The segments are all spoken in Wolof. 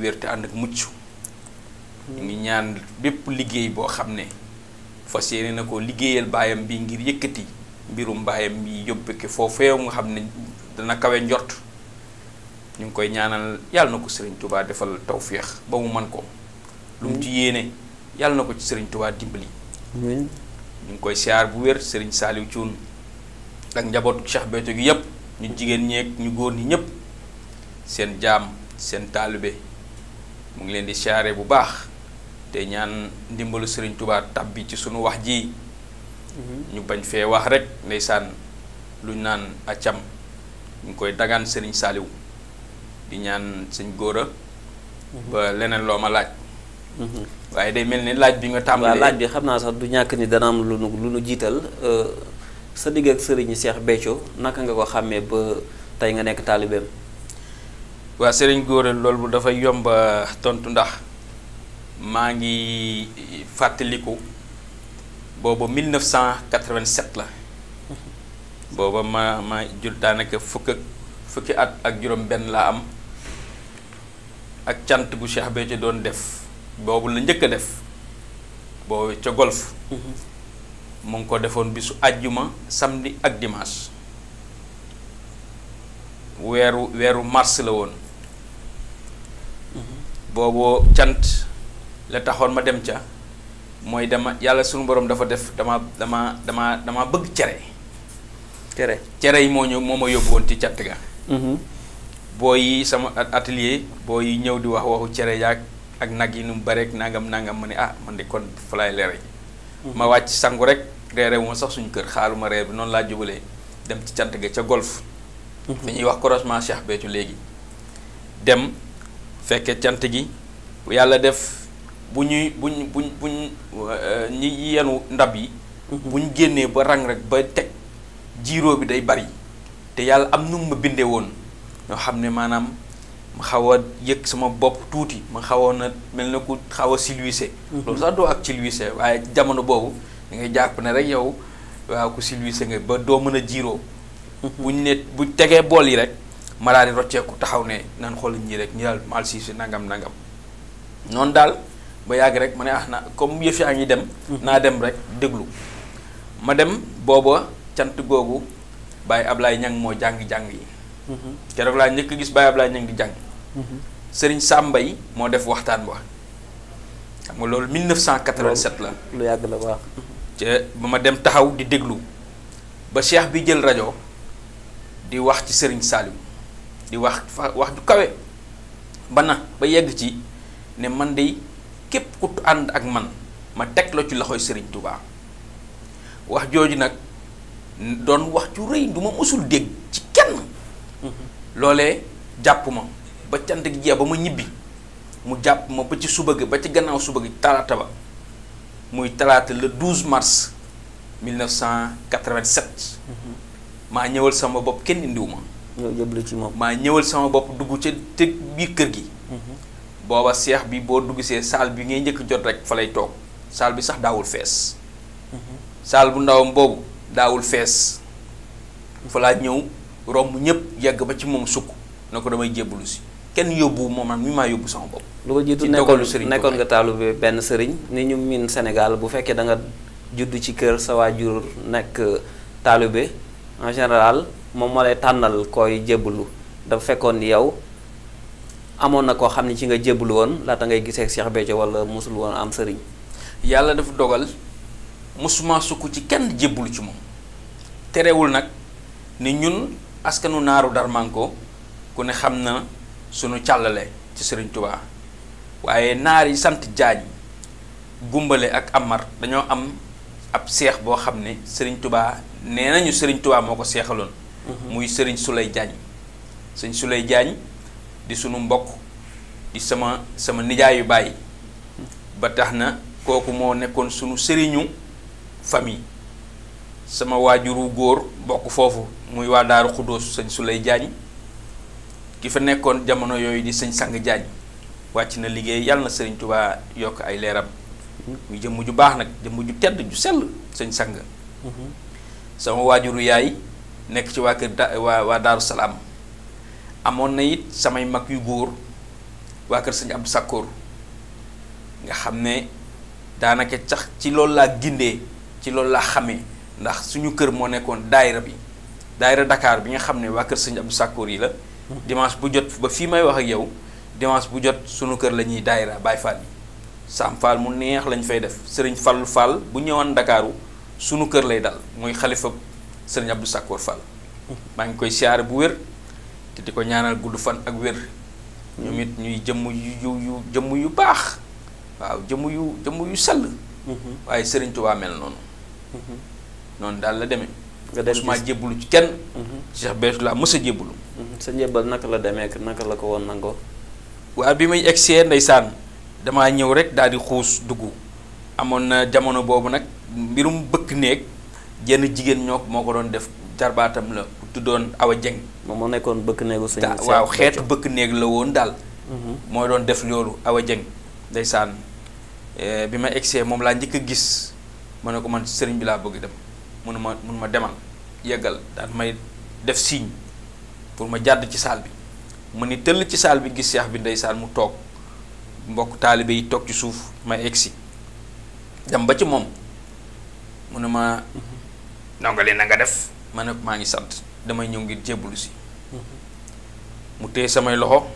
wér te ànd ak mucc ñu ngi ñaan bépp liggéey boo xam ne fas yéene na ko liggéeyal baayam bi ngir yëkkati mbirum baayam bi yóbbeke foofee nga xam ne dana kawe njort ñu ngi koy ñaanal yàlla na ko sëriñ tubaa defal tawféex ba mu man ko lu mu ci yéene yàlla na ko ci sëriñ Touba dimbali ñu ngi koy siyaar bu wér sëriñ Saaliw Cuun ak njabootu Cheikh Béthio gi yépp ñu jigéen ñeeg ñu góor ni ñépp seen jaam seen taalibe mu ngi leen di siyaare bu baax te ñaan ndimbalu sëriñ Serigne Touba bi ci suñu wax ji mhm. ñu bañ fee wax rek ndeysaan luñ naan accam ñu koy dagaan Serigne Saliou di ñaan sëñ góora mhm. ba leneen loo ma laaj mhm. waaye day mel ni laaj bi nga tàmbalee laaj bi xam naa sax du ñàkk ni dana am lu nu lu nu jiital euh, sa digg ak Serigne Cheikh Béthio naka nga ko xàmmee ba tey nga nekk taalibeem waa sëriñ góore loolu dafay yomba tontu ndax maa ngi fàttaliku booba 1987 la booba ma ma jul daanaka fukk ak fukki at ak juróom benn laa am ak cant bu Cheikh Béthio doon def boobu la njëkk a def boobu ca golf mhm. mu ngi ko defoon bisu àjjuma samedi ak dimaas weeru weeru mars la woon mm-hmm. booboo cant la taxoon ma dem ca mooy dama yàlla sunu borom dafa def dama dama dama dama bëgg cere cere cere yi moo ñëw moo ma yóbbu woon ci cant ga mm-hmm. boo yi sama atelier boo yi ñëw di wax waxu cere yaag ak nag yi nu mu bareek nangam nangam ma ne ah man de kon fa leere leere mm-hmm. ma wàcc sangu rek reere wu ma sax suñu kër xaaluma reer bi noonu laa jubalee dem ci cant ga ca golf fi ñuy wax croisement Cheikh Béthio léegi dem fekke cant gi yàlla def bu ñuy bu buñ buñ euh, ñi yenu ndab yi mhm. buñ génnee ba rang rek ba teg jiiroo bi day bari te yàlla am nu ma bindee woon ñoo xam ne maanaam ma xaw a yëg sama bopp tuuti ma xawoon na mel na ku xaw a silwise mhm. loolu sax doo ak silwise waaye jamono boobu da ngay jàpp ne rek yow waaw ku silwise nga ba doo mën a jiiroo buñ ne buñ tegee bool yi rek ma daal di rocceeku taxaw ne naan xool ñii rek ñi daal mal si si nangam nangam noonu daal ba yàgg rek ma ne ah na comme yëf yaa ngi dem. Mhm. naa dem rek déglu ma dem booba cant googu ab laay Ñang moo jàng jàng yi. Mhm. keroog laa njëkk a gis Baye Ablaye Ñang di jàng. Mhm. Sëriñ Samba yi moo def waxtaan wa xam nga loolu 1987 la. lu yàgg la waaw. ba ma dem taxaw di déglu ba Cheikh bi jël rajo. di wax ci sëriñ Saliou di wax wax ju kawe ba na ba yegg ci ne man de képp ku ànd ak man ma teg la ci loxoy Serigne Touba wax jooju nag doon wax ju rëy du ma dégg ci kenn loolee jàpp ma ba cant gi jeex ba ma ñibbi mu jàpp ma ba ci suba gi ba ci gannaaw suba gi talaata ba muy talaata le 12 mars 1987. maa ñëwal sama bopp kenn indiwu ma. ñëw jëblu ci moom. maa ñëwal sama bopp dugg ca te biir kër gi. Mhm. booba seex bi boo dugg see saal bi ngay njëkk jot rek fa lay toog saal bi sax daawul fees. Mhm. saal bu ndawam boobu daawul fees. fa laa ñëw romb ñëpp yegg ba ci moom sukk ne ko damay jébbalu si kenn yóbbu moom man mi maa yóbbu sama bopp. lu ko jiitu nekkoon nekkoon nga taalu benn sëriñ ni ñu miin senegal bu fekkee da nga judd ci kër sa waajur nekk taalibe en général moom moo lay tànnal koy jébbalu dafa fekkoon ni yow amoon na koo xam ne ci nga jébbalu woon laata ngay gisee Cheikh Béthio walla mosul woon am sëriñ. yàlla dafa dogal mosuma sukk ci kenn jébbalu ci moom terewul nag ni ñun askanu naaru Darmanko ku ne xam na sunu càllale ci sëriñ Touba waaye naar yi sant jaañ gumbale ak Amar dañoo am. ab seex boo xam ne sëriñ tubaa nee nañu sëriñ tubaa moo ko seexaloon mhm. muy sëriñ Souleye Diagne sëriñ Souleye Diagne di sunu mbokk di sama sama nijaayu bàyyi ba tax na kooku moo nekkoon sunu sëriñu famille sama waajuru góor bokk foofu muy waa daaru xudóos sëñ Souleye Diagne ki fa nekkoon jamono yooyu di sëñ sang Diagne wàcc na liggéey yàlla na sëriñ tubaa yokk ay leeram muy jëmm ju baax nag jëmm ju tedd ju sell sëñ sang mhm. sama waajuru yaay nekk ci waa kër da waa waa daaru salaam amoon na it samay mag yu góor waa kër sëñ ab Sakkoor nga xam ne daanaka sax ci loolu laa gindee ci loolu laa xamee ndax suñu kër moo nekkoon daayira bi daayira Dakar bi nga xam ne waa kër sëñ ab Sakkoor yi la mhm. dimanche bu jot ba fii may wax ak yow dimanche bu jot suñu kër la ñuy daayira Baye Fall yi Sam Fall mu neex lañ fay def sëriñ Fallu Fall bu ñëwoon Ndakaaru sunu kër lay dal muy xalifa sëriñ Abdou Sakkoor Fall maa ngi koy siyaare bu wér te di ko ñaanal gudd fan ak wér ñoom it ñuy jëmm yu yu jëmm yu baax waaw jëmm yu jëmm yu sell waaye sëriñ Tuubaa mel noonu noonu daal la demee nga dem ma jébbalu ci kenn mhm. Cheikh Béthio laa mës a mhm. sa njébbal naka la demee naka la ko woon nangoo waa bi muy egsee ndeysaan damaa ñëw rek daal di xuus dugg amoon na jamono boobu nag mbirum bëkk néeg jenn jigéen ñoo moo ko doon def jarbaatam la tuddoon Awa Dieng. moom moo nekkoon bëkk néegu sëñ waaw xeetu bëkk néeg la woon daal. Mhm. mooy doon def loolu Awa Dieng ndeysaan eh, bi ma egsee moom laa njëkk a gis ma ne ko man sëriñ bi laa bëgg dem mun ma mun ma demal yeggal daal may def signe pour ma jàdd ci saal bi mu ni tëll ci saal bi gis seex bi ndeysaan mu toog. mbokk taalibe yi toog ci suuf ma egsi dem ba ci moom mu ne ma ndongalee na nga def ma ne maa ngi sant damay ñëw ngir jébbalu si mu téye samay loxo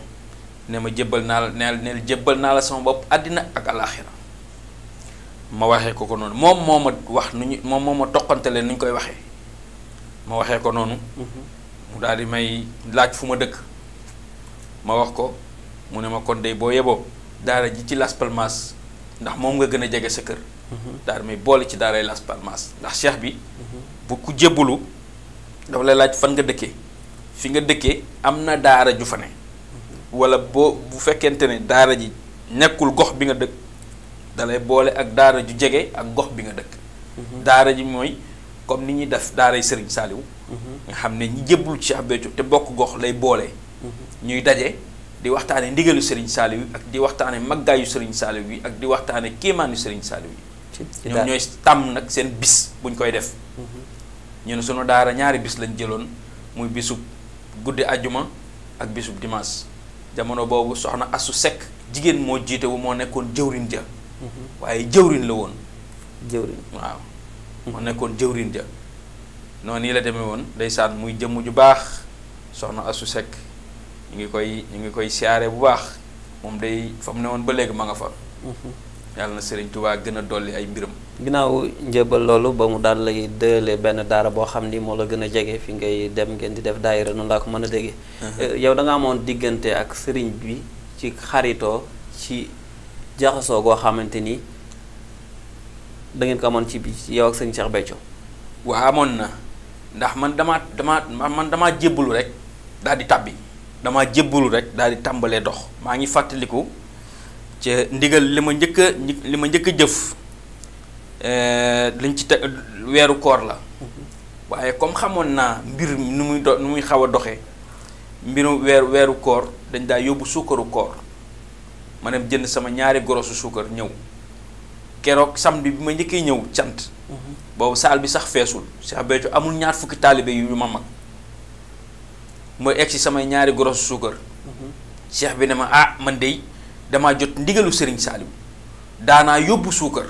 ne ma jébbal naa la naa la sama bopp àddina ak alaaxira ma waxee ko ko noonu moom moo ma wax nu ñu moom moo ma toqantale nu ñu koy waxee ma waxee ko noonu mu daal may laaj fu ma dëkk ma wax ko mu ne ma kon dey boo yeboo daara ji ci Las Palmas ndax moom nga gën a jege sa kër. Mhm. daara may boole ci daaray Las Palmas ndax cheikh bi. Mhm. bu ku jébbalu dafa lay laaj fan nga dëkkee fi nga dëkkee am na daara ju fane ne. Mhm. wala boo bu fekkente ne daara ji nekkul gox bi nga dëkk dalay boole ak daara ju jege ak gox bi nga dëkk. daara ji mooy comme ni ñuy def daaray Serigne Saliou. nga xam ne ñi jébbalu ci Cheikh te bokk gox lay boole. ñuy daje. di waxtaane ndigalu Serigne Saliou wi ak di waxtaane maggaayu Serigne Saliou yi ak di waxtaane kéemaanu Serigne Saliou yi ñoom ñooy tàmm nag seen bis buñ koy def mhm. ñu ne sunu daara ñaari bis lañ jëloon muy bisu guddi ajuma ak bisub dimanche jamono boobu soxna Asu Sekk jigéen moo jiite wu moo nekkoon jëwriñ ja mhm. waaye jëwrin la woon jëwrin waaw moo nekkoon jëwrin ja noonu yi la demee woon day ndeysaan muy jëmm ju baax soxna Asu Sekk ñu ngi koy ñu ngi koy siyaare bu baax moom day fa mu ne woon ba léegi ma nga fa. Mhm. yàlla na Serigne Touba gën a dolli ay mbiram. ginnaaw njëbal loolu ba mu daan lay dële benn daara boo xam ni moo la gën a jege fi ngay dem ngeen di def daayira noonu laa ko mën a déggee. Mhm. Eh, yow da nga amoon diggante ak sëriñ bi ci xaritoo ci jaxasoo goo xamante ni dangeen ko amoon ci bi yow ak sëñ Cheikh Béthio. waaw amoon na ndax man damaa damaa man damaa jébbalu rek daal di tàbbi. dama jébbalu rek daal di tàmbalee dox maa ngi fàttaliku ca ndigal li ma njëkk a li ma njëkk a jëf eh, liñ ci te weeru koor la waaye comme xamoon naa mbir nu muy do nu muy xaw a doxee mbiru weer weeru koor dañ daa yóbbu suukaru koor ma dem jënd sama ñaari gorosu suukar ñëw keroog samedi bi ma njëkkee ñëw cant mm-hmm. boobu saal bi sax feesul Cheikh Béthio amul ñaar fukki taalibe yu ma mag mooy egg si samay ñaari gros suukar. cheikh bi ne ma ah man dey damaa jot ndigalu Serigne Saliou daanaa yóbbu suukar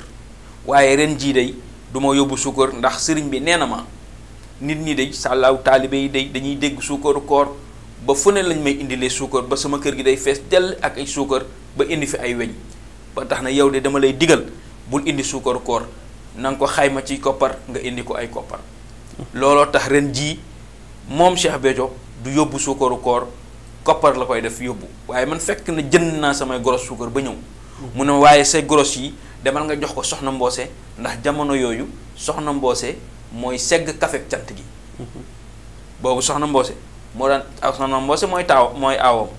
waaye ren jii day duma yóbbu suukar ndax Serigne bi nee na ma nit ñi day sàllaaw taalibe yi day dañuy dégg suukaru koor ba fu ne lañ may indilee suukar ba sama kër gi day fees dell ak suukar ba indi fi ay weñ ba tax na yow de dama lay digal bul indi suukaru koor na nga ko xayma ci koppar nga indi ko ay koppar. looloo tax ren jii moom Cheikh Béthio. du yóbbu suukaru koor koppar la koy def yóbbu waaye man fekk na jënd naa samay gros suukar ba ñëw mu ne waaye say gros yi demal nga jox ko soxna mboose ndax jamono yooyu soxna mboose mooy segg kafek cant gi boobu soxna mboose moo daan mboose mooy taaw mooy aawam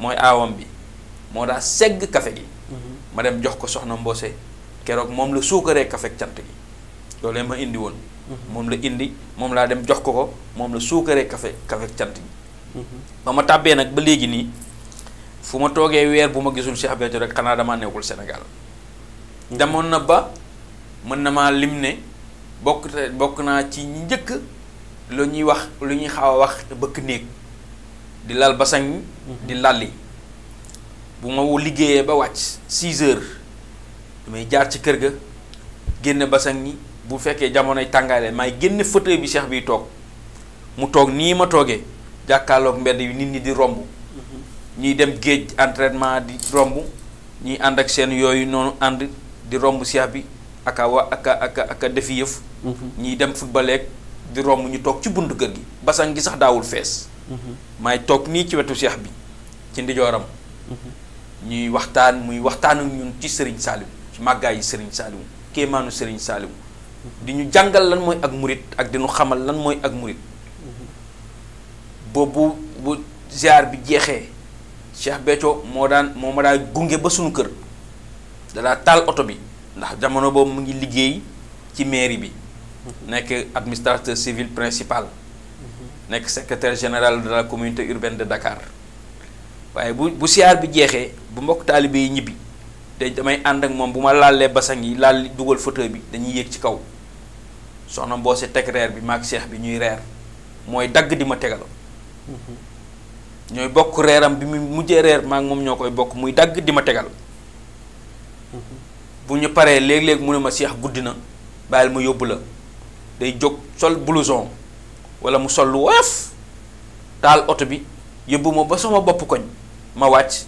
mooy aawam bi moo daan segg kafe gi mhm. ma dem jox ko soxna mboose keroog moom la suukaree kafe cant gi loolu ma indiwoon moom la indi moom laa dem jox ko ko moom la suukaree kafe kafe cant gi mhm. ba ma tàbbee nag ba léegi nii fu ma toogee weer bu ma gisul Cheikh Béthio rek xanaa damaa nekkul Sénégal mhm. demoon na ba mën na maa lim ne bokk te bokk naa ci ñi njëkk lu ñuy wax lu ñuy xaw a wax te bëkk néeg di lal basaŋ mhm. di lali bu ma liggéeyee ba wàcc 6 heures damay jaar ci kër ga génn basaŋ yi bu fekkee jamonoy tàngaay la may génne fauteuil bi seex biy toog mu toog nii ma toogee jàkkaarloog mbedd yi nit ñi di romb ñuy dem géej entraînement di romb ñuy ànd ak seen yooyu noonu ànd di romb cheikh bi aka wa aka aka aka defi yëf ñuy dem footballeeg di romb ñu toog ci buntu kër gi basan gi sax daawul fees may toog nii ci wetu cheikh bi ci ndijooram ñuy waxtaan muy waxtaan ak ñun ci Serigne Saliou ci màggaay yi Serigne Saliou kéemaanu Serigne Saliou di ñu jàngal lan mooy ak murit ak di ñu xamal lan mooy ak murit boobu bu ziar bi jeexee Cheikh Béthio moo daan moo ma daa gunge ba suñu kër dadaa taal oto bi ndax jamono boobu mu ngi liggéey ci mairie bi nekk administrateur civil principal nekk secretaire général de la communauté urbaine de Dakar waaye bu bu siyaar bi jeexee bu mbokk taalibe yi ñibbi te damay ànd ak moom bu ma laalee basan yi laal dugal fauteuil bi dañuy yéeg ci kaw soxna mboose teg reer bi maag seex bi ñuy reer mooy dagg di ma tegal mm-hmm. ñooy bokk reeram bi mu mujjee reer maag moom ñoo koy bokk muy dagg di ma tegal mm-hmm. bu ñu paree léeg-léeg mu ne ma seex guddi na bàyyil ma yóbbu la day jóg sol blouson wala mu sol lu woyof taal oto bi yóbbu ma ba sama bopp koñ ma wàcc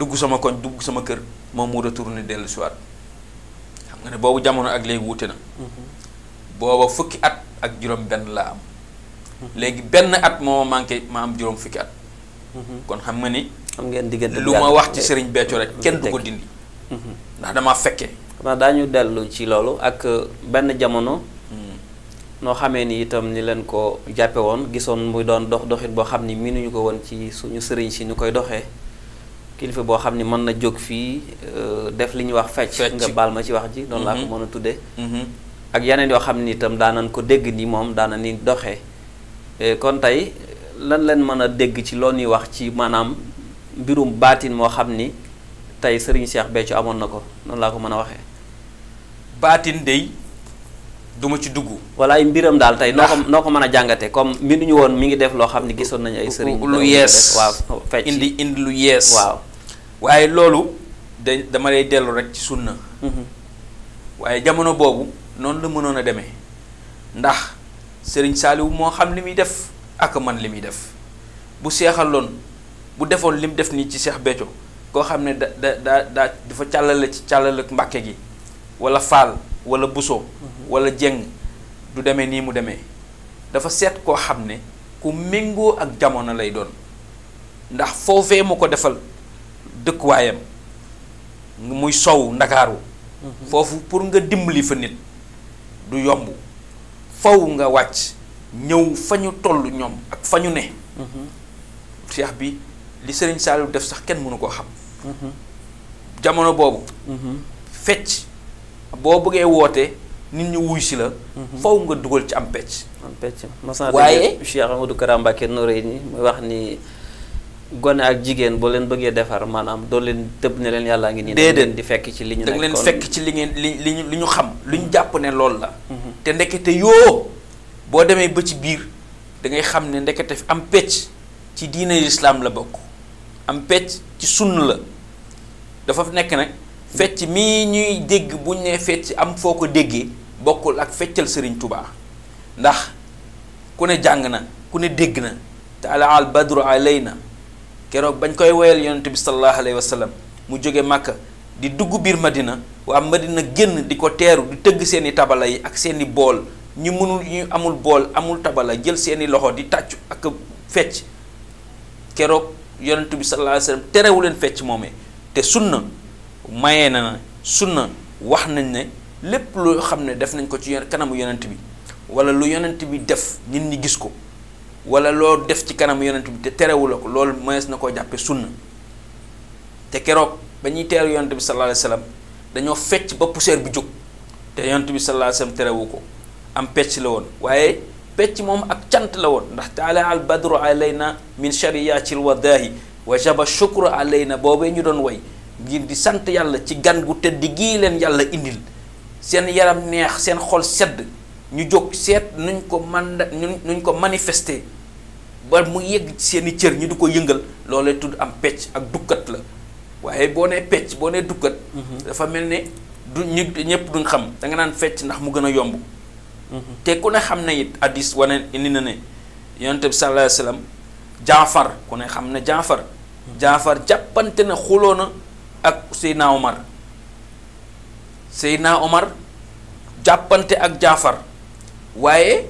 dugg sama koñ dugg sama kër moom mu retourné dellu si xam nga ne boobu jamono ak léegi wuute na. Mhm. booba fukki at ak juróom benn laa am. Mhm. léegi benn at moo manqué ma am juróom fukki at. Mhm. kon xam nga ni. xam ngeen diggante lu ma wax ci sëriñ Béthio rek eh, kenn du ko dindi. ndax damaa fekkee. xanaa daañu dellu ci loolu ak euh, benn jamono. Hmm. noo xamee ni itam ni leen ko jàppe woon gisoon muy doon dox doxit boo xam ni miinuñu ko woon ci suñu sëriñ si nu koy doxee. kilifa boo xam ni mën na jóg fii euh, def li ñuy wax fecc nga baal ma ci wax ji noonu laa ko mhm. mën a tuddee mhm. ak yeneen yoo xam ni itam daanan ko dégg nii moom daana ni doxee euh, kon tey lan leen mën a dégg ci loo ñuy wax ci maanaam mbirum baatin moo xam ni tey Serigne Cheikh Béthio amoon na ko noonu laa ko mën a waxee baatin day duma ci dugg walla ay mbiram daal tey noo ko noo ko mën a jàngate comme mbiruñu woon mi ngi def loo xam ne gisoon nañu ay sëriñ lu yees waaw indi indi lu yees waaw waaye loolu da dama lay dellu rekk ci sunna mhm. waaye jamono boobu noonu la mënoon a demee ndax sëriñ Saaliw moo xam li muy def ak man li muy def bu seexaloon bu defoon li mu def nii ci Seex Béthio koo xam ne da da dafa càllale ci càllale mbàkke gi wala faal wala buso mhm. walla jeng du demee nii mu demee dafa seet koo xam ne ku méngoo ak jamono lay doon ndax foofee mu ko defal dëkkuwaayam muy sow ndakaaru mhm. foofu pour nga dimbali fa nit du yomb faw nga wàcc ñëw fa ñu toll ñoom ak fa ñu ne seex mhm. bi li sëriñ Saliou def sax kenn mënu koo xam mhm. jamono boobu fecc boo bëggee woote nit ñi wuy si la faw nga dugal ci am pecc am pecc mas naa waaye Cheikh Amadou Kara Mbacké Noreyni muy wax ni gone ak jigéen boo leen bëggee defar maanaam doo leen tëb ne leen yàllaa ngi nii. déedéet di fekk ci li ñu. nekkoon da fekk ci li ngeen li li ñu li ñu xam lu ñu jàpp ne loolu la. Mhm. te ndekete yoo boo demee ba ci biir da ngay xam ne ndekete am pecc ci diine lislaam la bokk am pecc ci sunn la dafa nekk nag fecc mii ñuy dégg bu ñu nee fecc am foo ko déggee bokkul ak feccal sëriñ tubaa ndax ku ne jàng na ku ne dégg na te ala al badru na keroog bañ koy woyal yonent bi sallallahu alayhi wa sallam mu jóge màkk di dugg biir madina waa madina génn di ko teeru di tëgg seeni tabala yi ak seeni bool ñu mënul ñu amul bool amul tabala jël seeni loxo di tàccu ak fecc keroog yonent bi sallallahu alayhi terewu leen fecc moomee te sunna mayee na sunna wax nañ ne lépp loo xam ne def nañ ko ci kanamu yonent bi wala lu yonent bi def nit ñi gis ko wala loo def ci kanam yonent bi te terewula ko loolu mënees na koo jàppe sunna te keroog ba ñuy teeru yonent bi sallallahu alayhi dañoo fecc ba poussière bi jóg te yonent bi sallallahu alayhi terewu ko am pecc la woon waaye pecc moom ak cant la woon ndax taala al badru na min shariyatil wadaahi wa jaba shukru na boobee ñu doon woy ngir di sant yàlla ci gan gu tëdd gii leen yàlla indil seen yaram neex seen xol sedd ñu jóg seet nuñ ko manda nuñ ko manifester ba mu yegg ci seen cër ñu du ko yëngal loolee tudd am pecc ak dukkat la waaye boo nee pecc boo nee dukkat. Mhm. dafa mel ne du ñu ñëpp duñ xam danga nga naan fecc ndax mu gën a yomb. Mhm. te ku ne xam na it addis wane indi na ne yonent bi sallallahu alayhi wasallam jaafar ku ne xam ne jaafar. Mhm. jaafar jàppante na xuloo na ak Seydina Omar Seydina Omar jàppante ak jaafar. waaye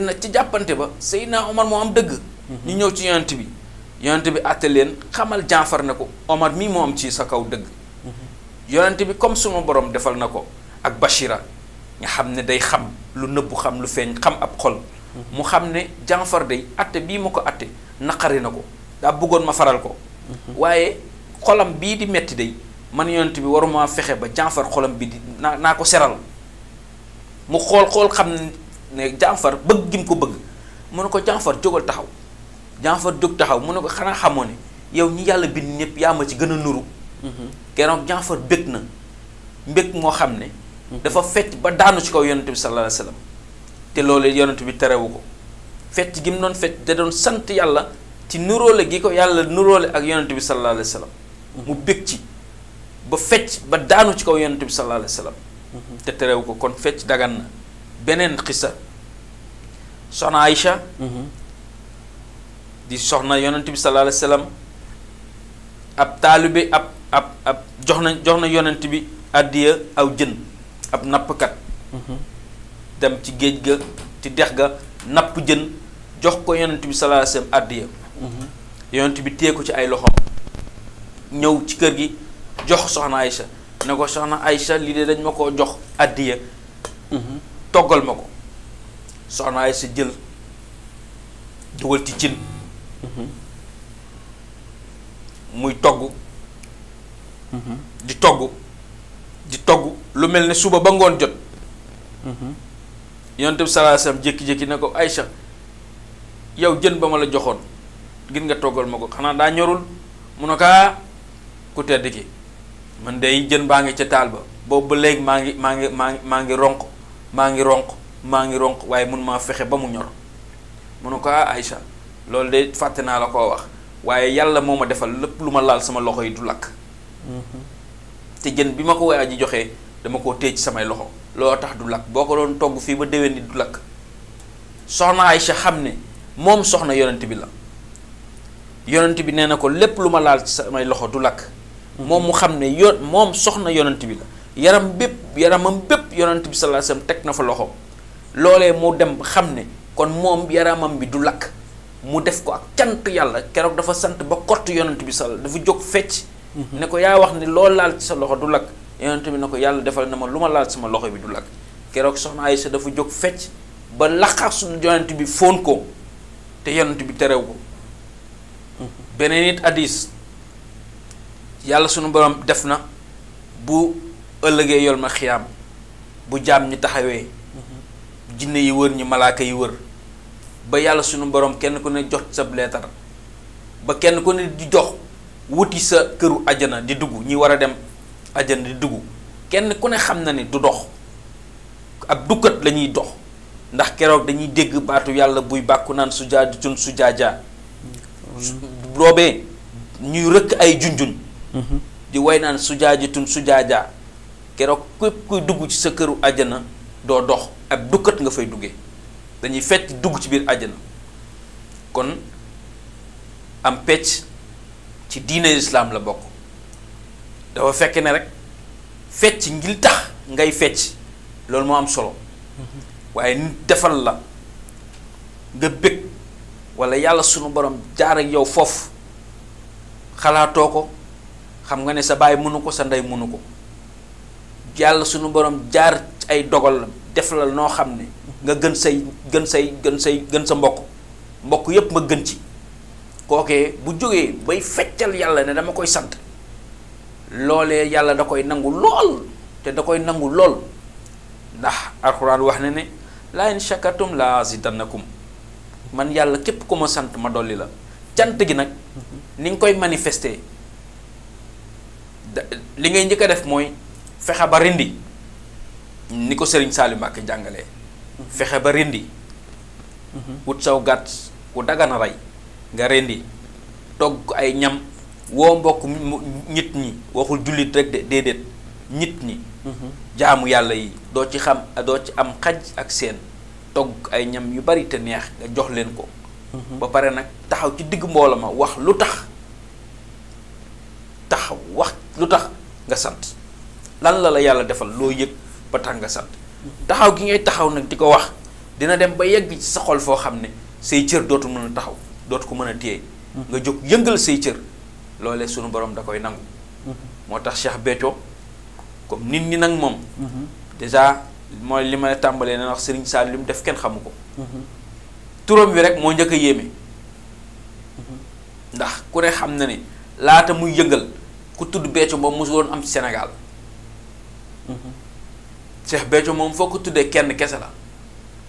na ci jàppante ba Seydina Omar moo am dëgg. Mhm. ñu ñëw ci yonent bi yonent bi àtte leen xamal Jaafar ne ko Omar mii moo am ci sa kaw dëgg. Mhm. yonent bi comme suma boroom defal na ko ak Bachira nga xam ne day xam lu nëbbu xam lu feeñ xam ab xol. Mhm. mu xam ne Jaafar day àtte bii ma ko àtte naqari na ko daa bëggoon ma faral ko. waaye xolam bii di metti day man yonent bi waruma fexe ba Jaafar xolam bi di naa ko seral mu xool xool xam ne Jànfar bëgg gim ko bëgg mu ne ko Jànfar jógal taxaw Jànfar jóg taxaw mu ne ko xanaa xamoo ne yow ñi yàlla bind ñëpp yaa ma ci gën a nuru mhm. keroog Jànfar bég na mbég moo xam ne dafa fecc ba daanu ci kaw yonent bi sallallahu alayhi te loolu yonent bi terewu ko fecc gi mu doon fecc sant yàlla ci nuróole gi ko yàlla nuróole ak yonent bi sallallahu alayhi mhm. mu bég ci ba fecc ba daanu ci kaw yonent bi sallallahu mhm. te terewu ko kon fecc dagan na beneen xisa soxna Aïcha mhm. di soxna yonent bi sallallahu alayhi ab taalibe ab ab ab jox na jox na yonent bi àddiya aw jën ab nappkat mhm. dem ci géej ga ci dex ga napp jën jox ko yonent bi sallallahu àddiya mhm. yonent bi téye ci ay loxo ñëw ci kër gi jox soxna Aïcha ne ko soxna Aïcha lii de dañ ma koo jox àddiya toggal ma ko soxna ay sa jël dugal ci cin mhm. muy togg mhm. di togg di togg lu mel ni suba ba ngoon jot mhm. yonent bi sallallahu alayhi wasallam ne ko ay Aïcha yow jën ba ma la joxoon gin nga toggal ma ko xanaa daa ñorul mu ne kaa ah, ku tedd ki man de jën baa ngi ca taal ba boobu ba léegi maa ngi maa ngi maa ngi maa ngi ronq maa ngi ronq maa ngi ronq waaye mun maa fexe ba mu ñor mu ne ko ah Aïcha loolu de fàtte naa la koo wax waaye yàlla moo ma defal lépp lu ma laal sama loxo yi du lakk mm-hmm. te jën bi ma ko waa ji joxee dama koo téye ci samay loxo loo tax du lakk boo ko doon togg fii ba déwén ni du lakk soxna Aïcha xam ne moom soxna yonent la yonent bi nee na ko lépp lu ma laal ci samay loxo du lakk mm-hmm. moom mu xam ne yoon moom soxna yonent bi la yaram bépp yaramam bépp yonent bi sallallahu alayhi teg na fa loxo loolee mu dem xam ne kon moom yaramam bi du lakk mu def ko ak cant yàlla keroog dafa sant ba kott yonent bi sal dafa jóg fecc mhm. ne ko yaa wax ne loo laal ci sa loxo du lakk yonent ko yàlla defal na ma lu ma laal sama loxo bi du lakk keroog soxna Aysa dafa jóg fecc ba laqasu yonent bi foon ko te yonent bi terew ko mhm. beneen it addis yàlla suñu borom def na bu ëllëgee yol ma xiyaam bu jaam ñi taxawee jinne yi wër ñi malaaka yi wër ba yàlla sunu borom kenn ku ne jot sa leetar ba kenn ku ne di jox wuti sa këru ajana di dugg ñi war a dem ajana di dugg kenn ku ne xam na ne du dox ab dukkat lañuy dox ndax keroog dañuy dégg baatu yàlla buy bàkku naan su jaa tun su jaajaa boobee ñuy rëkk ay junjun mhm. di way naan su jaajitun su jaajaa keroog képp kuy dugg ci sa këru àjjana doo dox ak dukkat nga fay dugge dañuy fecc dugg ci biir àjjana kon am pecc ci diine lislaam la bokk dafa fekk ne rek fecc ngir tax ngay fecc loolu moo am solo waaye nit defal la nga bëgg walla yàlla sunu borom jaar ak yow foofu xalaatoo ko xam nga ne sa baay mënu ko sa ndey mënu ko yàlla sunu borom jaar ay dogal def la noo xam ne nga gën say gën say gën say gën sa mbokk mbokk yépp ma gën ci kookee bu jógee bay feccal yàlla ne dama koy sant loolee yàlla da koy nangu lool te da koy nangu lool ndax alxuraan wax na ne laa in shakartum la azidannakum man yàlla képp ku ma sant ma dolli la cant gi nag ni nga koy manifester li ngay njëkk a def mooy fexe ba rindi ni ko sëriñ Saliou jàngale fexe ba rindi. wut saw gàtt ku dagana rey nga rindi togg ay ñam woo mbokk nit ñi waxul jullit rek déedéet nit ñi. jaamu yàlla yi doo ci xam doo ci am xaj ak seen togg ay ñam yu bari te neex nga jox leen ko. ba pare nag taxaw ci digg mbooloo ma wax lu tax taxaw wax lu tax nga sant. lan la la yàlla defal loo yëg ba tax nga sant taxaw gi ngay taxaw nag di ko wax dina dem ba yegg ci sa xol foo xam ne say cër dootu mën a taxaw dootu ko mën a téye. Mm-hmm. nga jóg yëngal say cër loolee sunu borom da koy nangu. Mm-hmm. moo tax Cheikh Béthio comme nit ñi nag moom. Mm-hmm. dèjà mooy li ma tàmbalee na wax Serigne li mu def kenn xamu ko. turam bi rek moo njëkk a yéeme. ndax ku ne xam na ni laata muy yëngal ku tudd Béthio moom mosul woon am Sénégal. Mm-hmm. Cheikh Béthio moom foo ko tuddee kenn kese la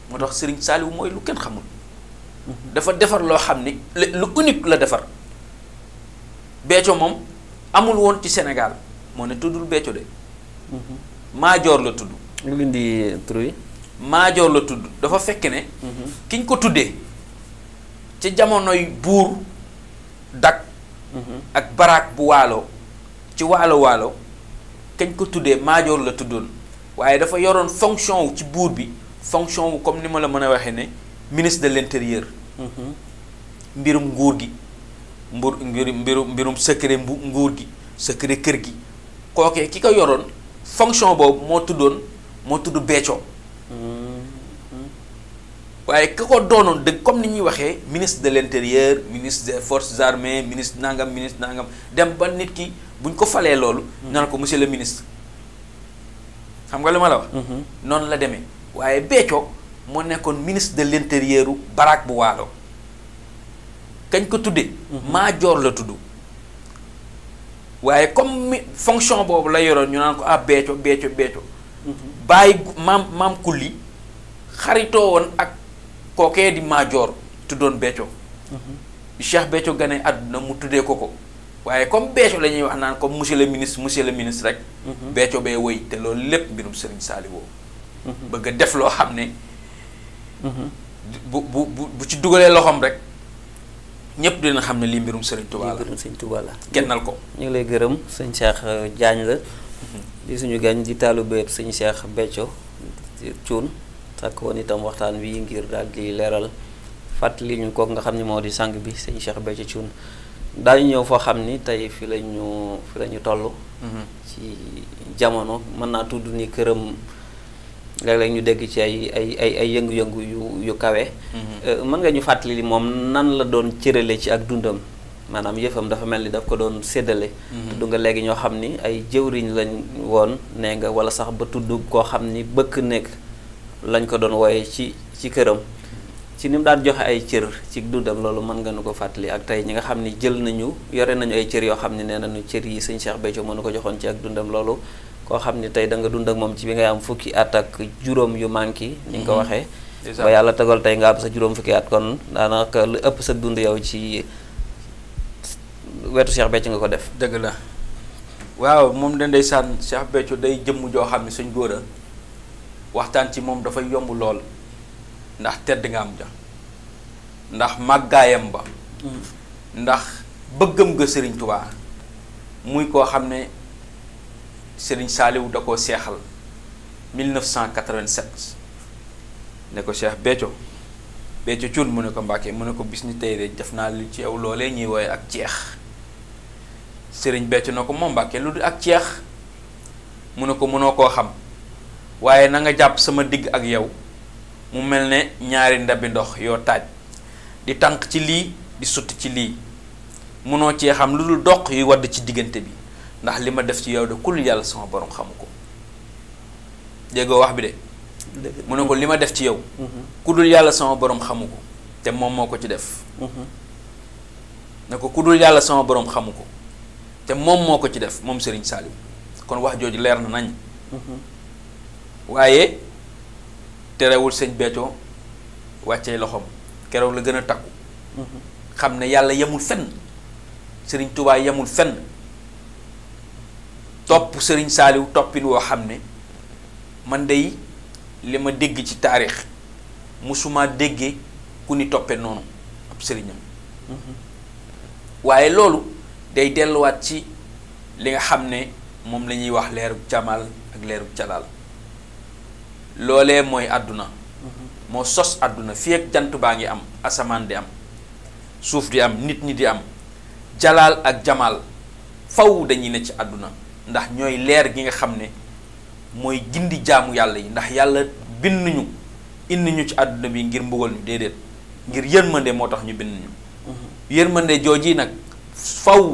moo tax Serigne Saliou mooy lu kenn xamul. Mm-hmm. dafa defar loo xam ni lu unique la defar Béthio moom amul woon ci senegal moo ne tuddul Béthio de. Mm-hmm. Maajoor la tudd. lu ngeen Maajoor la tudd dafa fekk ne. ki ñu ko tuddee ci jamonoy buur dak ak baraak bu waalo ci waalo waalo. kañ ko tuddee maajoor la tuddoon waaye dafa yoroon fonction wu ci buur bi fonction wu comme ni ma la mën a waxee ne ministre de l'intérieur mhm. mbirum nguur gi mbur mbirum mbirum secret mbu nguur gi secret kër gi kookee ki ko yoroon fonction boobu moo tuddoon moo tudd Béthio mhm. waaye ka ko doonoon dëgg comme ni ñuy waxee ministre de l'intérieur ministre des forces armées ministre nangam ministre nangam dem ba nit ki buñ ko falee loolu. naan ko monsieur le ministre. xam nga lu ma la wax. Mhm. noonu la demee waaye Béthio moo nekkoon ministre de l' intérieur Barack bu Waalo. kañ ko tuddee. Mhm. Maajoor la tudd. waaye comme mi fonction boobu la yoroon ñu naan ko ah Béthio Béthio Béthio. Mhm. bàyyi maam maam kulli xaritoo woon ak kookee di Maajoor tuddoon Béthio. Cheikh Béthio gane àdduna mu tuddee ko ko. waaye comme Béthio la ñuy wax naan comme monsieur le ministre monsieur le ministre rek. Mhm. Béthio bay woy te loolu lépp mbirum Serigne Saliou. Mhm. bëgg a def loo xam ne. Mhm. bu bu bu ci dugalee loxoom rek ñëpp dina xam ne lii mbirum Serigne Touba la. lii mbirum ko. ñu ngi lay gërëm sëñ Cheikh euh, Diagne la. di suñu gaañ di taalubéeb sëñ Cheikh Béthio Thioune sàkk woon itam waxtaan wi ngir daal di leeral fàttali ñu kook nga xam ne moo di sang bi sëñ Cheikh Béthio Thioune. daañu ñëw foo xam ni tey fi la ñu fi la ñu toll. Mhm. ci jamono mën naa tudd ni këram léeg-léeg ñu dégg ci ay ay ay ay yëngu-yëngu yu yu kawe. Mhm. Euh, mën nga ñu fàttali li moom nan la doon cërale ci ak dundam maanaam yëfam dafa mel ni daf ko doon séddale. Mhm. tudd nga léegi ñoo xam ni ay jëwriñ lañ woon nee nga wala sax ba tudd koo xam ni bëkk nekk lañ ko doon wooye ci ci këram. ci ni mu daan joxe ay cër ci dundam loolu mën nga nu ko fàttali ak tey ñi nga xam ni jël nañu yore nañu ay cër yoo xam ne nee nañu cër yi sëñ Cheikh Béthio mënu ko joxoon ci ak dundam loolu koo xam ni tey danga dund ak moom ci bi ngay am fukki at ak juróom yu manqué ni nga ko mhm. waxee ba yàlla tegal tey nga am sa juróom fukki at kon daanaka lu ëpp sa dund yow ci wetu Cheikh Béthio nga ko def dëgg la waaw moom de ndeysaan Cheikh Béthio day jëmm joo xam ne suñ góor waxtaan ci moom dafay yomb lool ndax tedd nga am ja ndax màggaayam ba mm. ndax bëggam nga sëriñ tubaa muy koo xam ne sëriñ saaliwu da koo seexal 1987 ne ko Cheikh Béthio Béthio Thioune mu ne ko Mbàkke mu ne ko bis ni tey de def naa lu ci yow loolee ñuy wooye ak ceex sëriñ Béthio na ko moom Mbàkke lu di ak ceex mu ne ko mënoo koo xam waaye na nga jàpp sama digg ak yow mu mel ne ñaari ndabi ndox yoo taaj di tànk ci lii di sotti ci lii munoo cee xam lu dul doq yuy wadd ci diggante bi ndax li ma def ci yow de kul yàlla sama borom xamu ko déggoo wax bi de mu li ma def ci yow mm-hmm. ku dul yàlla sama boroom xamu ko te moom moo ko ci def mm-hmm. ne ko ku dul yàlla sama boroom xamu ko te moom moo ko ci def moom Serigne Saliou kon wax jooju leer na nañ mm-hmm. waaye terewul sëñ Béthio wàccee loxoom keroog la gën a takku. xam ne yàlla yemul fenn sëriñ Touba yemul fenn topp sëriñ Saaliw toppin woo xam ne man day li ma dégg ci taarix musuma déggee ku ni toppee noonu ab sëriñam. waaye loolu day delluwaat ci li nga xam ne moom la ñuy wax leerug jamaal ak leerug jalaal loolee mooy àdduna moo sos àdduna fii ak jant baa ngi am asamaan di am suuf di am nit ñi di am jalaal ak jamaal faw dañuy ne ci àdduna ndax ñooy leer gi nga xam ne mooy gindi jaamu yàlla yi ndax yàlla bind ñu indi ñu ci àdduna bi ngir mbugal ñu déedéet ngir yërmande moo tax ñu bind ñu yërmande jooji nag faw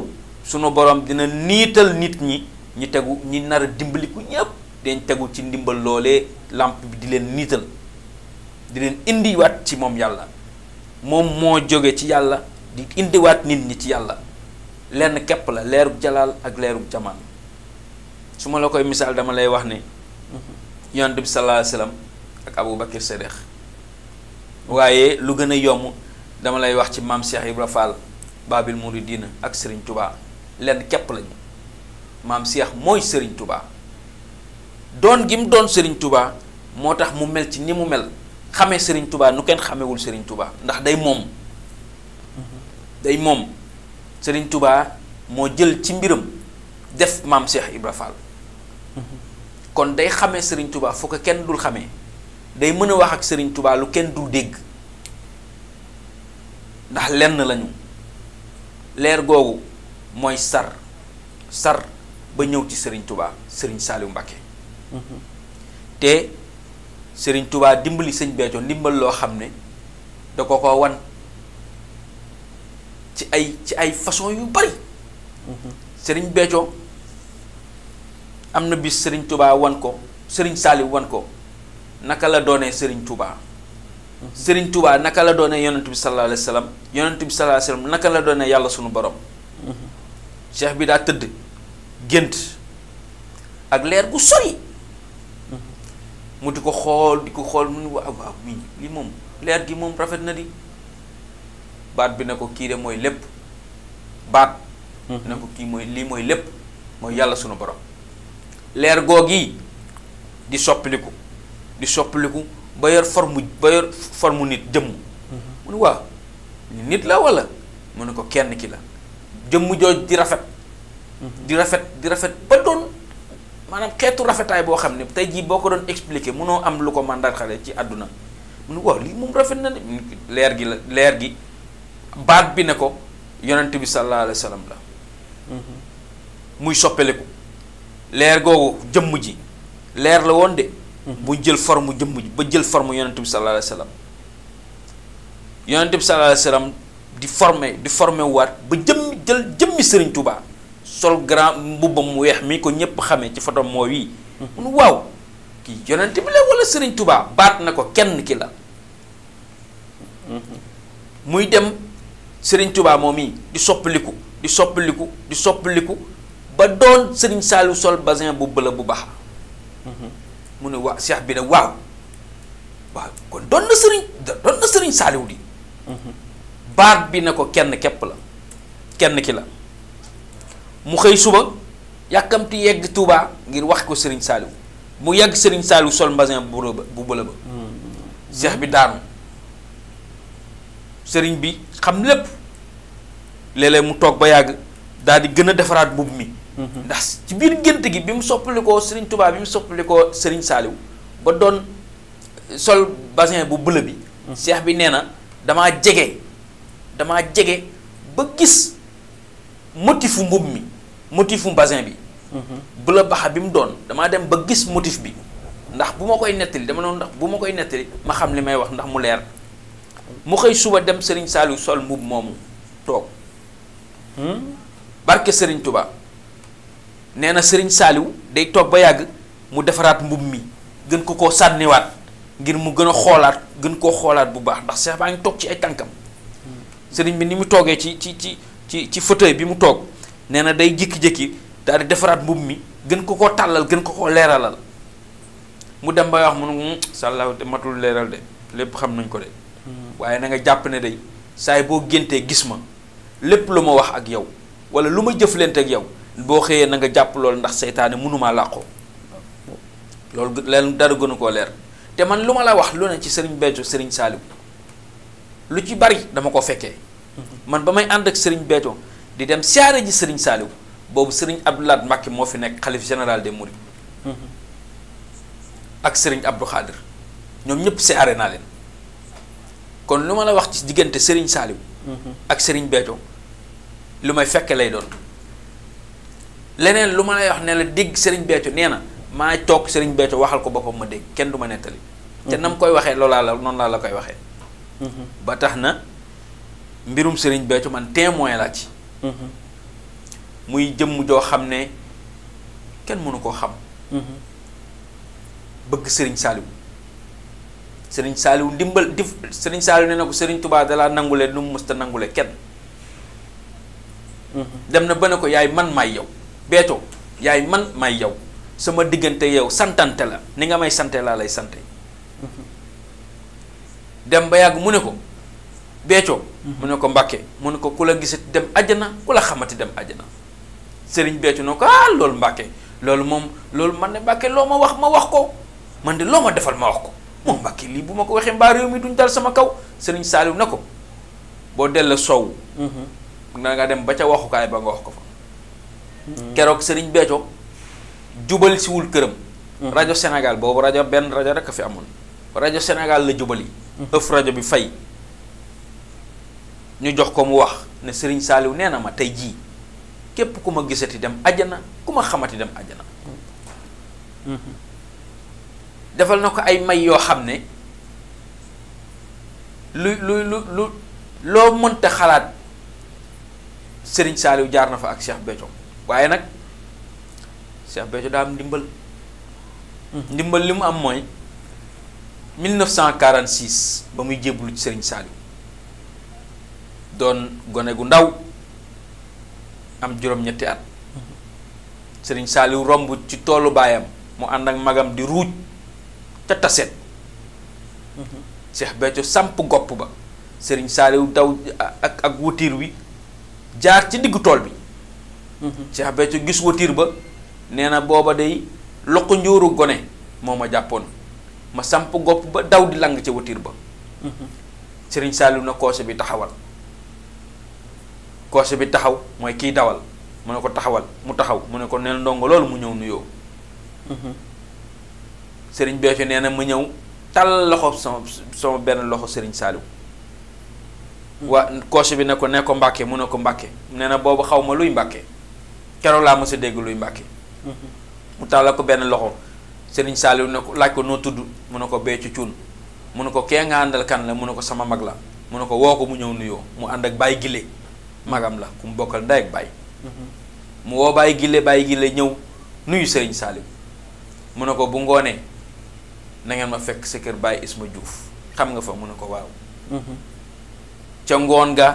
sunu borom dina niital nit ñi ñi tegu ñi nar a dimbali ku ñépp dañ tegu ci ndimbal loolee làmp bi di leen niital di leen indiwaat ci moom yàlla moom moo jóge ci yàlla di indiwaat nit ñi ci yàlla lenn képp la leerub jalaal ak leerub jamaan su ma la koy misaal dama lay wax ni yonent bi sallallahu alayhi wasallam ak Abu Bakr Siddiq waaye lu gën a yomb dama lay wax ci maam Cheikh Ibra Fall Babil diina ak sëriñ Touba lenn képp lañu maam Cheikh mooy sëriñ tubaa doon gi mu doon Serigne Touba moo tax mu mel ci ni mu mel xamee Serigne Touba nu kenn xamewul Serigne Touba ndax day moom day moom sëriñ Touba moo jël ci mbiram def maam Cheikh Ibra Fall kon day xamee Serigne tubaa fu ko kenn dul xamee day mën a wax ak sëriñ Touba lu kenn dul dégg ndax lenn lañu leer googu mooy sar sar ba ñëw ci sëriñ tubaa Serigne Saliou Mbacké te sëriñ tubaa dimbali sëñ Béthio ndimbal loo xam ne da ko ko wan ci ay ci ay façon yu bari sëriñ Béthio am na bis sëriñ tubaa wan ko sëriñ Saali wan ko naka la doonee sëriñ tubaa sëriñ tubaa naka la doonee yonent bi sallallahu alayhi wa sallam naka la doonee yàlla sunu borom cheikh bi daa tëdd gént ak leer gu sori mu di ko xool di ko xool mu ni waaw waaw mii li moom leer gi moom rafet na di baat bi na ko kii de mooy lépp baat mhm. na ko kii mooy lii mooy lépp mooy yàlla sunu borom leer googi di soppiliku di soppiliku ba yor forme ba yor forme nit jëmm mhm. mu ni waaw nit la wala mu ne ko kenn ki la jëmm jooj di rafet mhm. di rafet di rafet ba doon maanaam xeetu rafetaay boo xam ne tey jii boo ko doon expliquer mënoo am lu ko mandat ci àdduna mu ne waaw lii moom rafet na leer gi la leer gi baat bi ne ko yonent bi sallallahu alayhi la mm-hmm. muy soppeleku leer googu ji leer la woon bu mm-hmm. jël forme jëmm jël forme yonent bi sallallahu alayhi wa sallam yonent di forme di formé waat ba jëmmi jël jëmmi Sëriñ Tuubaa sol grand mbubbam mu weex mi ko ñëpp xamee ci photo moo wii mun waaw ki yonent bi la wala Serigne Touba baat na ko kenn ki la muy dem sëriñ tubaa moom yi di soppaliku di soppaliku di soppaliku ba doon Serigne Saliou sol basin bu bëla bu baax mu ne waa Cheikh bi ne waaw waaw kon doon na Serigne doon na Serigne Saliou di baat bi na ko kenn képp la kenn ki la mu xëy suba yàkkamti yegg Touba ngir wax ko sëriñ Saliou mu yàgg sëriñ Saliou sol mbasin bu bu bëla seex mm-hmm. bi daanu sëriñ bi xam lépp léeg mu toog ba yàgg daal di gën a defaraat mbubb mi mm-hmm. ndax ci biir gént gi bi mu soppalikoo Serigne Touba bi mu soppalikoo sëriñ Saliou ba doon sol basin bu bëla bi seex mm-hmm. bi nee na damaa jege damaa jege ba gis motifu mbubb mi motifu basin bi. Mhm. bu la baxa bi mu doon damaa dem ba gis motif bi ndax bu ma koy nettali dama doon ndax bu ma koy nettali ma xam li may wax ndax mu leer mu xëy suba dem sëriñ Saliou sol mbubb moomu toog hmm? barke sëriñ tubaab nee na sëriñ Saliou day toog ba yàgg mu defaraat mbubb mi gën ko ko sànniwaat ngir mu gën a xoolaat gën koo xoolaat bu baax ndax Cheikh baa ngi toog ci ay tànkam hmm. sëriñ bi ni mu toogee ci ci ci ci ci fauteuil bi mu toog. nee na day jékki-jékki daal defaraat mbubb mi gën ko koo tàllal gën ko koo leeralal mu dem ba wax mu hmm, sàllaaw de matul leeral de lépp xam nañ ko de hmm. waaye na nga jàpp ne day saay boo géntee gis ma lépp lu ma wax ak yow wala lu ma jëflante ak yow boo xëyee na nga jàpp loolu ndax seytaane mënumaa làqoo loolu leen dara gënu koo leer te man lu ma la wax lu ne ci sëriñ Béthio sëriñ Saliou lu ci bari dama ko fekkee hmm. man ba may ànd ak sëriñ Béthio di dem siyaare ji sëriñ Saliou boobu sëriñ Abdou Lahad Mbacké moo fi nekk xalif général des Mourides mhm. ak Serigne Abdou Khadir ñoom ñëpp siyaare naa leen kon lu ma la wax ci diggante sëriñ Saliou mhm. ak Serigne Béthio lu may fekkee lay doon leneen lu ma lay wax ne la dégg sëriñ Béthio nee na maa toog Serigne Béthio waxal ko boppam ma dégg kenn du ma nettali. te mhm. nam koy waxee loolaa la noonu laa la koy waxee. ba tax na mbirum Serigne Béthio man témoin laa ci. Mm-hmm. muy jëmm joo xam ne kenn mënu koo xam mm-hmm. bëgg sëriñ saaliwu sëriñ saaliwu ndimbal dif sëriñ saaliwu ne na ko sëriñ tubaa dalaa nangule nu mu mësta nangule kenn mm-hmm. dem na ba ne ko yaay man maay yow beetoo yaay man may yow sama diggante yow santante la ni nga may sante laa lay sante dem ba yàgg mu ne ko Béthio mu ne ko Mbàkke mu ne ko ku la gisati dem àjjana ku la xamati dem àjjana Sëriñ Béthio ne ko ah loolu Mbàkke loolu moom loolu man ne Mbàkke loo ma wax ma wax ko man de loo ma defal ma wax ko moom Mbàkke lii bu ma ko waxee mbaa réew mi duñ dal sama kaw Sëriñ Saaliw ne ko boo dell soow mhm. na dem ba ca waxukaay ba nga wax ko fa mhm. keroog Sëriñ Béthio jubal siwul këram mhm. rajo senegal boobu rajo benn rajo rek a fi amoon rajo Sénégal la jubali ëf rajo bi fay ñu jox ko mu wax ne sëriñ Saliou nee na ma tey jii képp ku ma gisati dem ajana ku ma xamati dem ajana defal na ko ay may yoo xam ne lu lu lu lu loo mënta xalaat sëriñ Saliou jaar na fa ak Cheikh Béthio waaye nag Cheikh Béthio daa am ndimbal mm-hmm. ndimbal li mu am mooy 1946 ba muy jébbalu ci sëriñ Saliou doon gone gu ndaw am juróom-ñetti at sëriñ Saaliw romb ci toolu baayam mu ànd ak magam di ruuj ca taset Cheikh Béthio samp gopp ba sëriñ Saaliw daw ak ak watiir wi jaar ci diggu tool bi Cheikh Béthio gis watiir ba nee na booba day loqu njuuru gone moo ma jàppoon ma samp gopp ba daw di lang ca watiir ba sëriñ Saaliw na koose bi taxawal coche bi taxaw mooy kiy dawal mu ne ko taxawal mu taxaw mu ne ko neel ndongo loolu mu ñëw nuyoo. Mhm. sëriñ Béthio nee na mu ñëw tal loxo sama benn loxo sëriñ Saliou. Mhm. waa coche bi ne ko ne ko ne ko Mbàkke nee na boobu xaw ma luy Mbàkke keroog laa mos a luy Mbàkke. Mhm. mu tàllal ko benn loxo Serigne Saliou ne ko laaj ko noo tudd mu ne ko Béthio Thioune mu ne ko kee nga àndal kan la mu ne ko sama mag la mu ne ko woo ko mu ñëw nuyoo mu ànd ak Baye Gile. magam la ku mu bokkal ndey ak baay mu woo Baye Gille Baye Gille ñëw nuyu Serigne Salim mu ne ko bu ngoonee na ngeen ma fekk sa kër Baye Isma Diouf xam nga fa mu ne ko waaw. Mhm. ca ngoon ga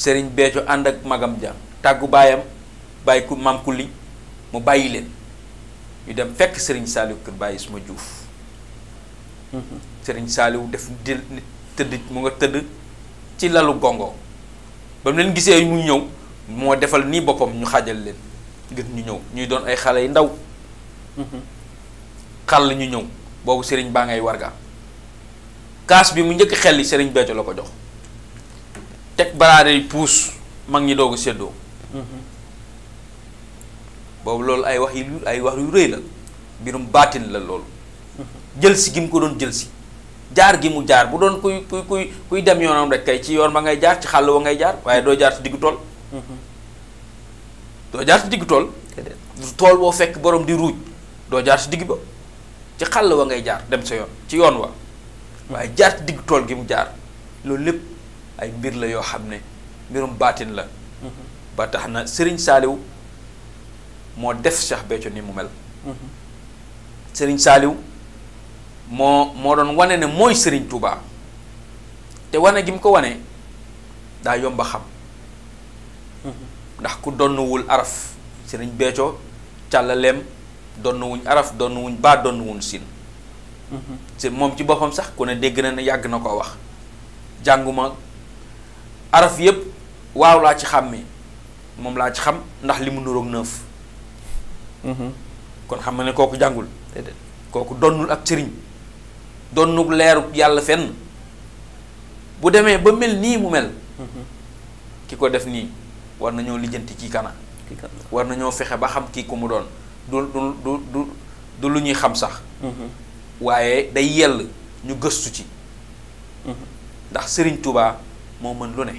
Serigne Béthio ànd magam ja tàggu baayam Baye ku mu bàyyi leen ñu dem fekk Serigne Saliou kër Baye Isma juuf mhm. sëriñ Saliou def tëdd mu nga tëdd ci lalu gongo. ba mu leen gisee mu ñëw moo defal nii boppam ñu xaajal leen gis ñu ñëw ñuy doon ay xale yu ndaw mhm. xal ñu ñëw boobu sëriñ baa ngay warga kaas bi mu njëkk xel yi sëriñ Béthio la ko jox teg baraade yi puus mag ñi doog a séddoo mhm. boobu loolu ay wax yu ay wax yu rëy la mbirum baatin la loolu mhm. jël si gi mu ko doon jël si jaar gi mu jaar bu doon kuy kuy kuy dem yoonam rek kay ci yoon ba ngay jaar ci xàll wa ngay jaar waaye doo jaar ci diggu tool doo jaar ci diggu tool tool boo fekk boroom di ruuj doo jaar ci digg ba ci xàll wa ngay jaar dem sa yoon ci yoon wa waaye jaar ci diggu tool gi mu jaar loolu lépp ay mbir la yoo xam ne mbirum baatin la ba tax na sëriñ saaliw moo def Cheikh Béthio ni mu mel mhm. Serigne Saliou moo moo doon wane ne mooy Serigne Touba te wane gi mu ko wane daa yomba xam ndax ku donnuwul araf Serigne Béthio càllaleem donnuwuñ araf donnuwuñ baa donnuwuñ sin si moom ci boppam sax ku ne dégg na ne yàgg na koo wax jànguma araf yépp waaw laa ci xàmmee moom laa ci xam ndax li mu nuroog neuf mhm. kon xam nga ne kooku jàngul kooku donnul ak sëriñ doon nug leeru yàlla fenn bu demee ba mel nii mu mel mhm. ki ko def nii war nañoo lijjanti ci kana war nañoo fexe ba xam kii ku mu doon du du du lu ñuy xam sax mhm. waaye day yell ñu gëstu ci mhm. ndax sëriñ Touba moo mën lu ne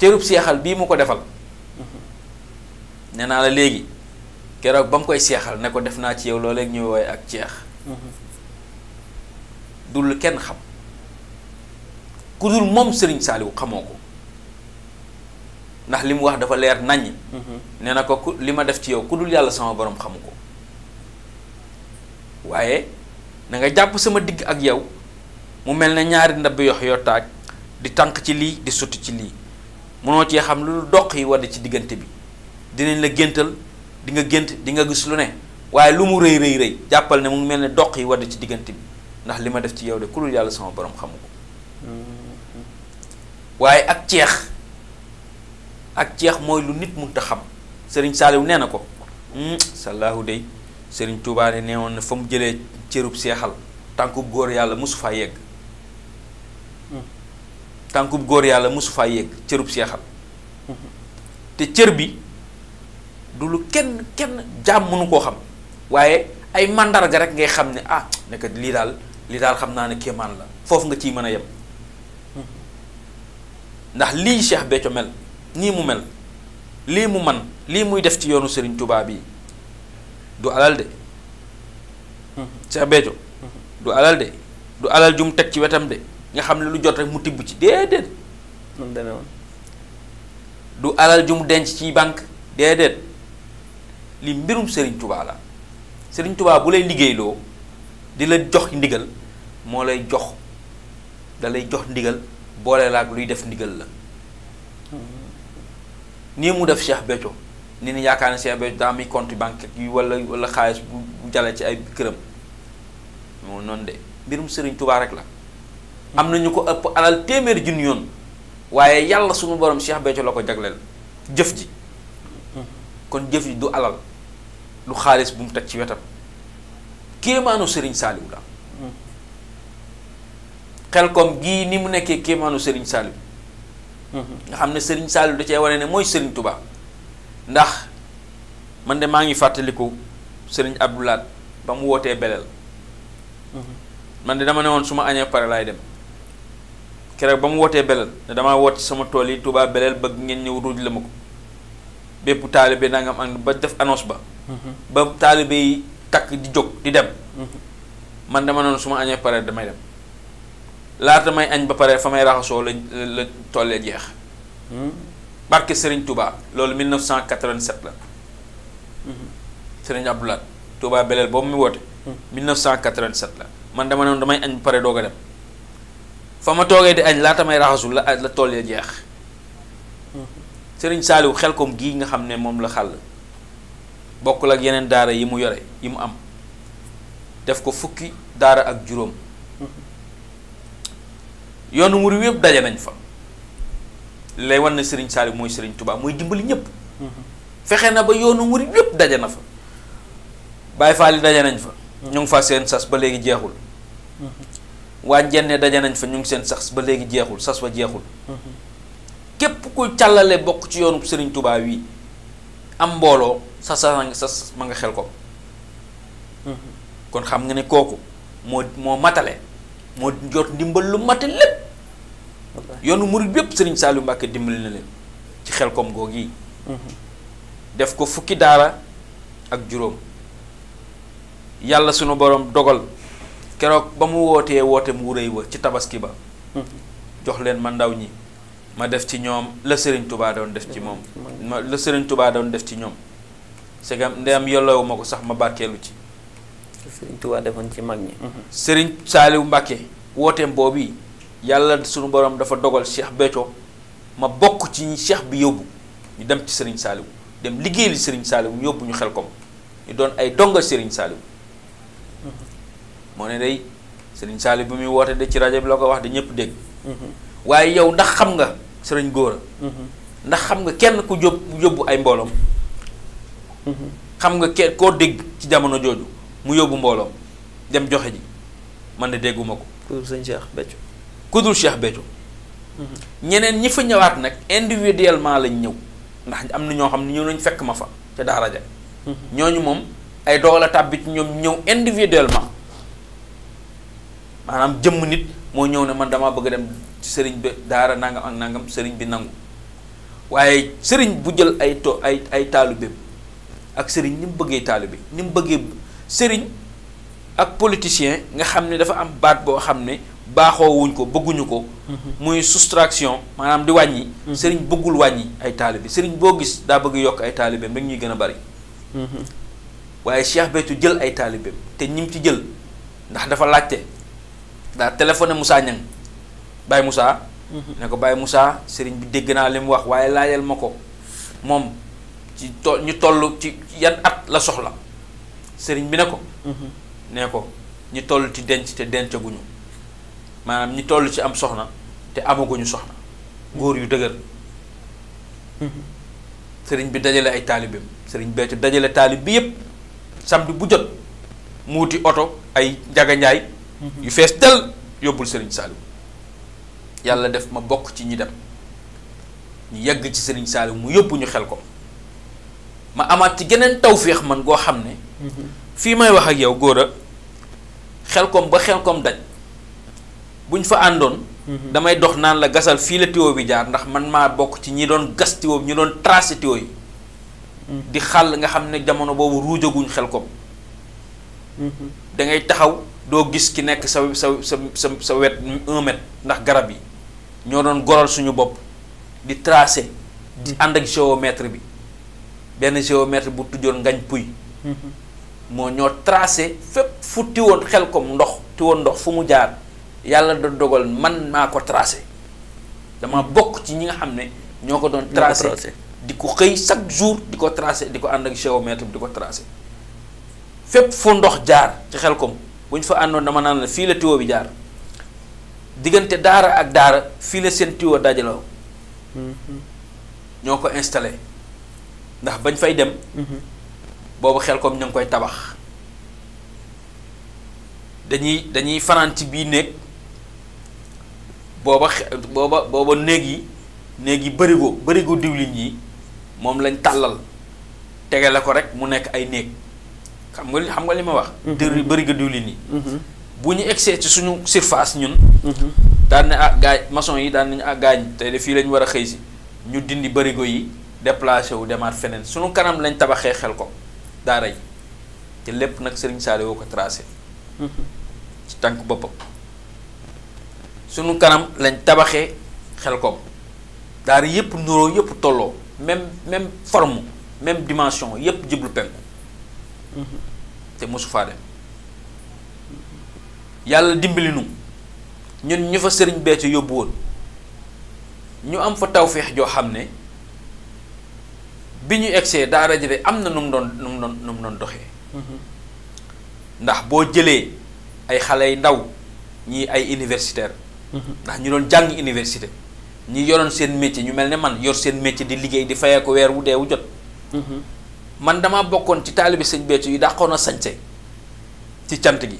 cërub seexal bii mu ko defal nee naa la léegi keroog ba mu koy seexal ne ko def naa ci yow looleeg ñuy wooye ak ceex du lu kenn xam ku dul moom sëriñ Saliou xamoo ko ndax li mu wax dafa leer nañ mhm. nee na ko ku li ma def ci yow ku dul yàlla sama boroom xamu ko waaye danga jàpp sama digg ak yow mu mel ne ñaari ndab yox yoo di tànk ci lii di sotti ci lii mënoo cee xam lu doq yi war ci diggante bi dinañ la géntal di nga gént di nga gis lu ne. waaye lu mu rëy rëy rëy jàppal ne mu ngi mel ne doq yi wadd ci diggante bi ndax li ma def ci yow de ku dul yàlla sama borom xamu ko waaye ak ceex ak ceex mooy lu nit mënta xam sëriñ Saaliw nee na ko hmm, sallaahu dey sëriñ Tuubaa nee woon na fa mu jëlee cërub seexal tànkub góor yàlla mosu faa yegg tànkub góor yàlla mosu faa yegg cërub seexal te cër bi du lu kenn kenn jaam mënu koo xam waaye ay màndarga rek ngay xam ne ah nekk lii daal lii daal xam naa ne kéemaan la foofu nga ciy mën a yem ndax lii Cheikh Béthio mel nii mu mel lii mu man lii muy def ci yoonu Serigne tubaab bii du alal de Cheikh Béthio du alal de du alal ju teg ci wetam de nga xam ne lu jot rek mu tibb ci déedéet du alal ju denc ci banque déedéet li mbirum sëriñ tubaa la Sëriñ Tuubaa bu lay liggéeyloo di la jox ndigal moo lay jox dalay jox ndigal boole laag luy def ndigal la nii mu def Cheikh Béthio ni yaakaar ne Cheikh Béthio daa muy compte banque yi wala wala xaalis bu jale ci ay këram moom noonu de mbirum Sëriñ tubaa rek la am na ñu ko ëpp alal téeméer junni yoon waaye yàlla suñu borom Cheikh Béthio la ko jagleel jëf ji kon jëf ji du alal lu xaalis bu mu teg ci wetam kéemaanu sëriñ Saliou la xel kom gii ni mu nekkee kéemaanu Serigne Saliou nga xam ne sëriñ Saliou da cee wane ne mooy sëriñ Touba ndax man de maa ngi fàttaliku sëriñ Abdoulaat ba mu wootee Belel man de dama ne woon su ma añee pare laay dem keroog ba mu wootee Belel ne damaa woot sama tool yi Touba Belel bëgg ngeen ñëw ruuj la ma ko bépp taalibe nangam ak ba def annonce ba. Mhm. ba taalibe yi takk di jóg di dem. Mhm. man dama noonu su ma añee pare damay dem laata may añ ba pare fa may raxasoo la tool tollee jeex. Mhm. barke Serigne Touba loolu 1987 la. Serigne Abdoulaye Touba Belel boobu mu woote. 1987 la man dama noonu damay añ ba pare doog a dem fa ma toogee di añ laata may raxasul la la tollee jeex. sëriñ Serigne xel koom gii nga xam ne moom la xàll bokkul ak yeneen daara yi mu yore yi mu am def ko fukki daara ak juróom yoonu muru yépp daje nañ fa lay wan na sëriñ Saliou mooy sëriñ Touba mooy dimbali ñëpp fexe na ba yoonu muru yëpp daje na fa Baye Fall yi daje nañ fa ñu ngi fa seen sas ba léegi jeexul waa Njenne daja nañ fa ñu ngi seen sas ba léegi jeexul sas ba jeexul képp ku càllale bokk ci yoonu Serigne Touba yi am mbooloo sa sa ma nga xel ko kon xam nga ne kooku moo moo matale moo jot ndimbal lu mati lépp yoonu murit bépp sëriñ Saliou Mbacke dimbali na leen ci xel koom googu yi def ko fukki daara ak juróom yàlla sunu borom dogal keroog ba mu wootee woote mu rëy ci tabaski ba jox leen ma ndaw ñi ma def ci ñoom la sëriñ Touba doon def ci moom ma la Serigne Touba doon def ci ñoom c'est que ndeyam yollowu ko sax ma barkeelu ci Serigne Touba defoon ci mag ñi Serigne Saliou Mbacké wooteem boobu yàlla sunu borom dafa dogal Cheikh Béthio ma bokk ci Cheikh bi yóbbu ñu dem ci sëriñ Saliou dem liggéey li Serigne Saliou yóbbu ñu xel kom ñu doon ay donga sëriñ Saliou mhm. moo ne day Serigne Saliou bi muy woote de ci rajo bi la ko wax de ñëpp dégg mhm. waaye yow ndax xam nga sëriñ góor mhm. ndax xam nga kenn ku jóg yóbbu ay mbooloom mhm. xam nga kenn koo dégg ci jamono jooju mu yóbbu mbooloom dem joxe ji man de dégguma ko kudul sëñ Cheikh Béthio kudul Cheikh Béthio mhm. ñeneen ñi fa ñëwaat nag individuellement lañ ñëw ndax am na ñoo xam ne ñëw nañ fekk ma fa ca daara ja ñooñu moom ay dogal a tàbbi ñoom ñëw individuellement maanaam jëmm nit moo ñëw ne man damaa bëgg a dem ci sëriñ bi daara nangam ak nangam sëriñ bi nangu waaye sëriñ bu jël ay to ay ay taalibeem ak sëriñ ni mu bëggee taalibe ni mu bëggee sëriñ ak politicien nga xam ne dafa am baat boo xam ne baaxoo ko bëgguñu ko. Mm-hmm. muy soustraction maanaam di wàññi. Mm-hmm. sëriñ bëggul wàññi ay taalibe sëriñ boo gis daa bëgg yokk ay taalibeem rek ñuy gën a bari. Mm-hmm. waaye Cheikh Béthio jël ay taalibeem te ñim ci jël ndax dafa laajte. daa téléphoné Moussa ñan Baye Moussa. Mhm. ne ko Baye Moussa sëriñ bi dégg naa li wax waaye laajal ma ko moom ci to ñu toll ci yan at la soxla sëriñ bi ne ko. Mhm. ne ko ñu toll ci denc te dencaguñu maanaam ñu toll ci am soxna te amaguñu soxna góor yu dëgër. Mhm. sëriñ bi dajale ay taalibeem sëriñ Béthio dajale taalib bi yëpp samedi bu jot muuti oto ay njaganjaay yu fees tel yóbbul Serigne Saliou yàlla def ma bokk ci ñi dem ñu yegg ci Serigne Saliou mu yóbbu ñu xel ko ma amaat ci geneen tawféex man goo xam ne mhm. fii may wax ak yow góora xel koom ba xelkom daj buñ fa àndoon mhm. damay dox naan la gasal fii la tiwo bi jaar ndax man maa bokk ci ñi doon gas tiwo bi ñi doon tracé tiwo yi mhm. di xàll nga xam ne jamono boobu ruujaguñ xel da dangay taxaw doo gis ki nekk sa sa sa sa sa wet un mètre ndax garab yi ñoo doon goral suñu bopp di tracer di ànd ak géomètre bi benn géomètre bu tujoon ngañ puy moo ñoo tracé fépp fu tiwoon xel ko mu ndox tiwoon ndox fu mu jaar yàlla da dogal man maa ko tracé dama hmm. bokk ci ñi nga xam ne ñoo ko doon tracé di ko xëy chaque jour di ko tracé di ko ànd ak géomètre bi di ko tracé fépp fu ndox jaar ci xel kom bu ñu fa àndoon dama naan la fii la tiwo bi jaar diggante daara ak daara fii la seen tiwo dajaloo ñoo ko installe ndax bañ fay dem boobu xel comme ñu ngi koy tabax dañuy dañuy fanaan ci bii néeg booba booba booba néeg yi néeg yi bërigo bërigo diwlin yi moom lañ tàllal tegale ko rek mu nekk ay néeg xam nga li xam nga li ma wax. Mhm. dër bëri nga diwlin yi. Mhm. bu ñu egsee ci suñu surface ñun. Mhm. daan na ah gaañ maçon yi daan nañu ah gaañ te de fii lañu war a xëy si ñu dindi bërigo yi déplacé wu demaat feneen suñu kanam lañ tabaxee xel ko daara yi te lépp nag Serigne Saliou ko tracé. tànk boppam. kanam lañ tabaxee xel koom daara yëpp nuroo yëpp tolloo même même forme même dimension yëpp jublu penku te mosu faa dem yàlla dimbali nu ñun ñu fa sëriñ Béthio yóbbu woon ñu am fa tawféex joo xam ne bi ñu egsee daara ji am na nu mu doon nu mu doon nu mu doon doxee ndax boo jëlee ay xale yu ndaw ñii ay universitaire ndax ñu doon jàng université ñi yoroon seen métier ñu mel ne man yor seen métier di liggéey di fayee ko weer wu dee wu jot man damaa bokkoon ci taalibi sëñ Béthio yi dàqoon na sañse ci cant gi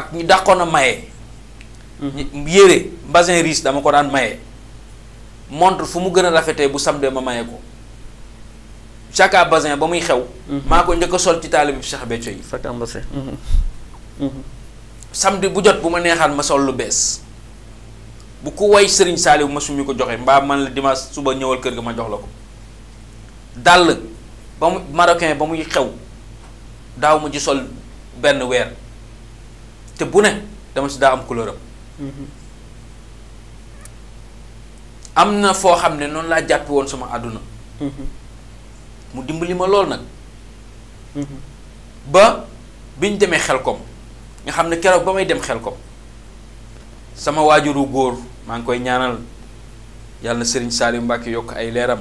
ak ñu dàqoon na maye mhm. yére mbasin riche dama ko daan maye montre fu mu gën a rafetee bu samdee ma maye ko chaque basin ba muy xew mhm. maa ko njëkk a sol ci taalibi Cheikh Béthio yi mhm. samedi bu jot bu ma neexaan ma sol lu bees bu ku way Serigne Saliou ma suñu ko joxee mbaa man la dimanche suba ñëwal kër gi ma jox la ko dàll ba mu marocain ba muy xew daaw ma ci sol benn weer te bu ne dama si daa am couleur am mm-hmm. na foo xam ne noonu laa jàpp woon sama àdduna mm-hmm. mu dimbali ma lool nag mm-hmm. ba bi ñu demee xelkom ñu xam ne keroog ba may dem xel xelkom sama waajuru góor maa ngi koy ñaanal yàlla na Serigne Saliou Mbacke yokk ay leeram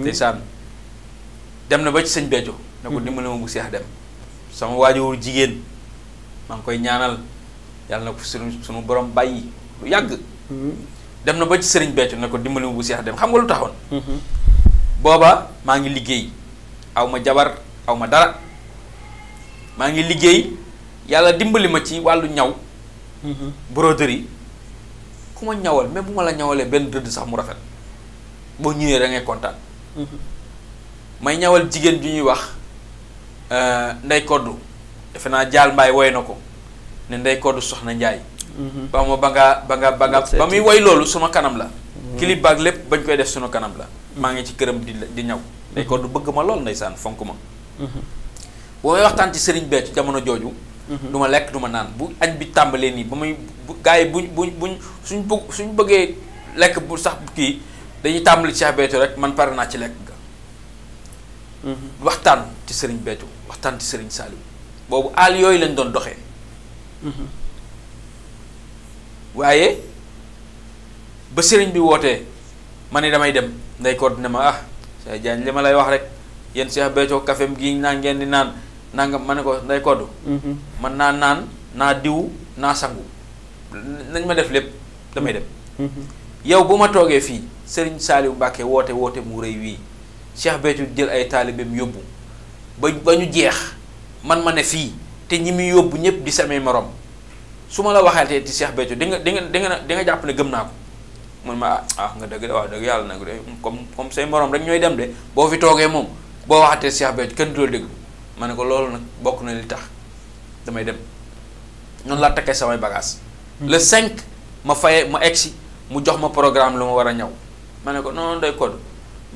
ndeysaan dem na ba ci sëñ Béthio ne ko hmm. dimbali ma bu seex dem sama waajur jigéen maa ngi koy ñaanal yàlla na ko suñu suñu borom bàyyi lu yàgg hmm. dem na ba ci sëriñ Béthio ne ko dimbali ma bu seex dem xam nga lu taxoon hmm. booba maa ngi liggéey aw ma jabar aw ma dara maa ngi liggéey yàlla dimbali ma ci wàllu ñaw broderie ku ma ñawal même bu ma la ñawalee benn dëdd sax mu rafet boo ñëwee da ngay kontaan may ñawal jigéen ju ñuy wax euh, Ndey Koddu defe naa Jaal Mbaay woy na ko ne Ndey Koddu Soxna Njaay mhm. ba ma ba nga ba nga ba nga ba muy woy loolu suma kanam la kili mhm. baag lépp bañ koy def sunu kanam la maa ngi ci këram di di ñaw Ndey Koddu bëgg ma lool ndeysaan fonk ma mhm. boo may waxtaan ci Sëriñ Béthio jamono jooju du ma lekk du ma naan bu añ bi tàmbalee nii ba muy gars yi buñ buñ buñ suñ bëgg suñ bëggee lekk bu sax kii dañuy tàmbali Cheikh Béthio rek man pare naa ci lekk waxtaan ci sëriñ Béthio waxtaan ci sëriñ Saliou boobu àll yooyu lañ doon doxe waaye ba sëriñ bi wootee ma ne damay dem nday koor dina ma ah say jaan li ma lay wax rek yenn Cheikh Béthio kafem gi naa ngeen di naan nangam ma ne ko nday kodd man naa naan naa diw naa sangu nañ ma def lépp damay dem mm-hmm. yow bu ma toogee fii sëriñ Saliou Mbacke woote woote mu rëy wii Cheikh Béthio jël ay taalibeem yóbbu ba ba ñu jeex man ma ne fii te ñi muy yóbbu ñëpp di samay morom su ma la waxaatee ci Cheikh Béthio di nga di di nga di nga jàpp ne gëm naa ko mun ma ah, ah nga dëgg de waaw dëgg yàlla nag comme comme say moroom rek ñooy dem de boo fi toogee moom boo waxatee Cheikh Béthio kenn du la déglu ma ne ko loolu nag bokk na li tax damay dem noonu laa takkee samay bagage la 5 ma faye ma si mu jox ma programme lu ma war a ñaw ma ne ko non day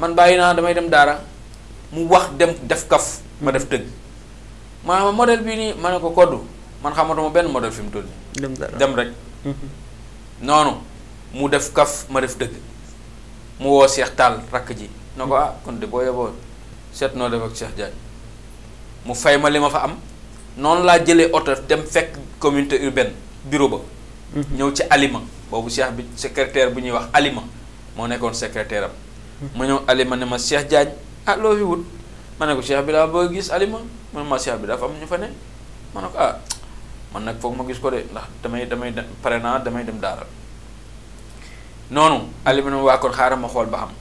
man bàyyi naa damay dem daara mu wax dem def kaf ma def tëgg maanaam modèle bii nii ma ne ko koddu man xamatuma benn modèle fi mu toll dem dem rek mhm. noonu mu def kaf ma def dëgg mu woo Cheikh Tall rakk ji na ko ah kon de boo yeboo seet noo def ak Cheikh Diagne mu fay ma li ma fa am noonu laa jëlee oto dem fekk communauté urbaine bureau ba mhm. ñëw ci aliment boobu Cheikh bi secrétaire bu ñuy wax aliment moo nekkoon secrétaire am ma ñëw alima ne ma Cheikh jaaj ah loo fi wut ma ne ko Cheikh bi laa bëgg gis alima man ma Cheikh bi dafa am ñu fa ne ma ne ko ah man nag foog ma gis ko de ndax damay damay pare naa damay dem daara noonu alima ne waa kon xaaral ma xool ba xam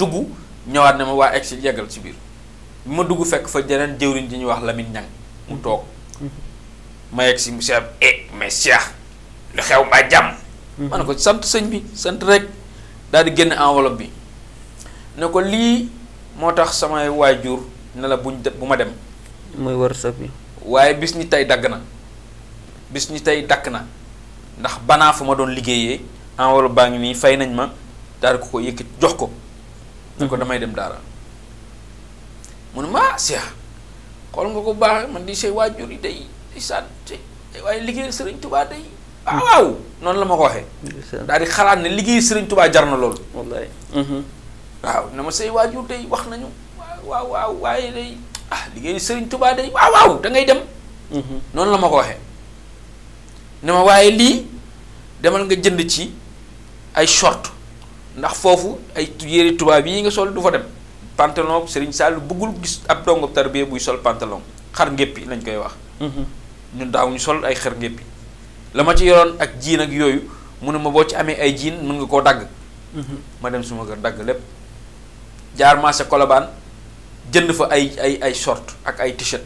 duggu ñëwaat ne ma waa egg si yeggal si biir bi ma dugg fekk fa jeneen jëwriñ ji ñuy wax lamit Niang mu toog ma yegg si mu Cheikh eh mais Cheikh lu xew mbaa jàmm ma ne ko sant sëñ bi sant rek daal di génn enveloppe bi ne ko lii moo tax samay waajur ne la buñ bu ma dem. muy wërsëg bi. waaye bis ñi tey dagg na bis ñi tey dakk na ndax banaa fa ma doon liggéeyee enveloppe baa ngi nii fay nañ ma daal ko ko jox ko. ne ko mhm. damay dem daara mu ne ah, xool nga ko baax man di say waajur yi day day liggéey sëriñ Tuubaa day. Ah, noonu la ma ko waxee. daal di xalaat ne liggéey sëriñ Tuubaa jar na loolu. waaw na ma say waajur day wax nañu waaw waaw waaye day ah liggéey sëriñ tubaa day waaw waaw da ngay dem mhm. noonu la ma ko waxee ne ma waaye lii demal nga jënd ci ay short ndax foofu ay yére tubaab yi nga sol du fa dem pantalon sëriñ Sall bëggul gis ab dongob tarbiya buy sol pantalon xar ngéppi lañ koy wax mhm. ñun daaw ñu sol ay xar ngéppi la ma ci yoroon ak jiin ak yooyu mu ne ma boo ci amee ay jiin mën nga koo dagg mhm. ma dem suma ko dagg lépp jaar marché Colobane jënd fa ay ay ay short ak ay t-shirt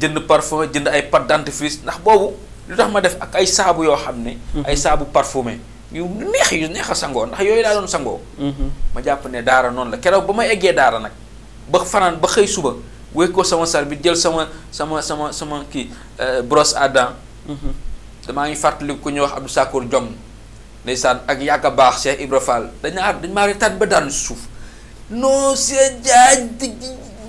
jënd parfum jënd ay pâte dentifrice ndax boobu lu tax ma def ak ay saabu yoo xam ne. Mhm. ay saabu parfumé yu neex yu neex a sangoo ndax yooyu laa doon sangoo. Mhm. ma jàpp ne daara noonu la keroog ba ma eggee daara nag ba fanaan ba xëy suba wéy ko sama sar bi jël sama sama sama sama kii euh, brosse à dents. Mhm. damaa ngi fàttali ku ñuy wax Abdou Sakkour Diom ndeysaan ak yàgg a baax Cheikh Ibra Fall dañ naa dañ maa retaan ba daanu suuf. non Cheikh Diagne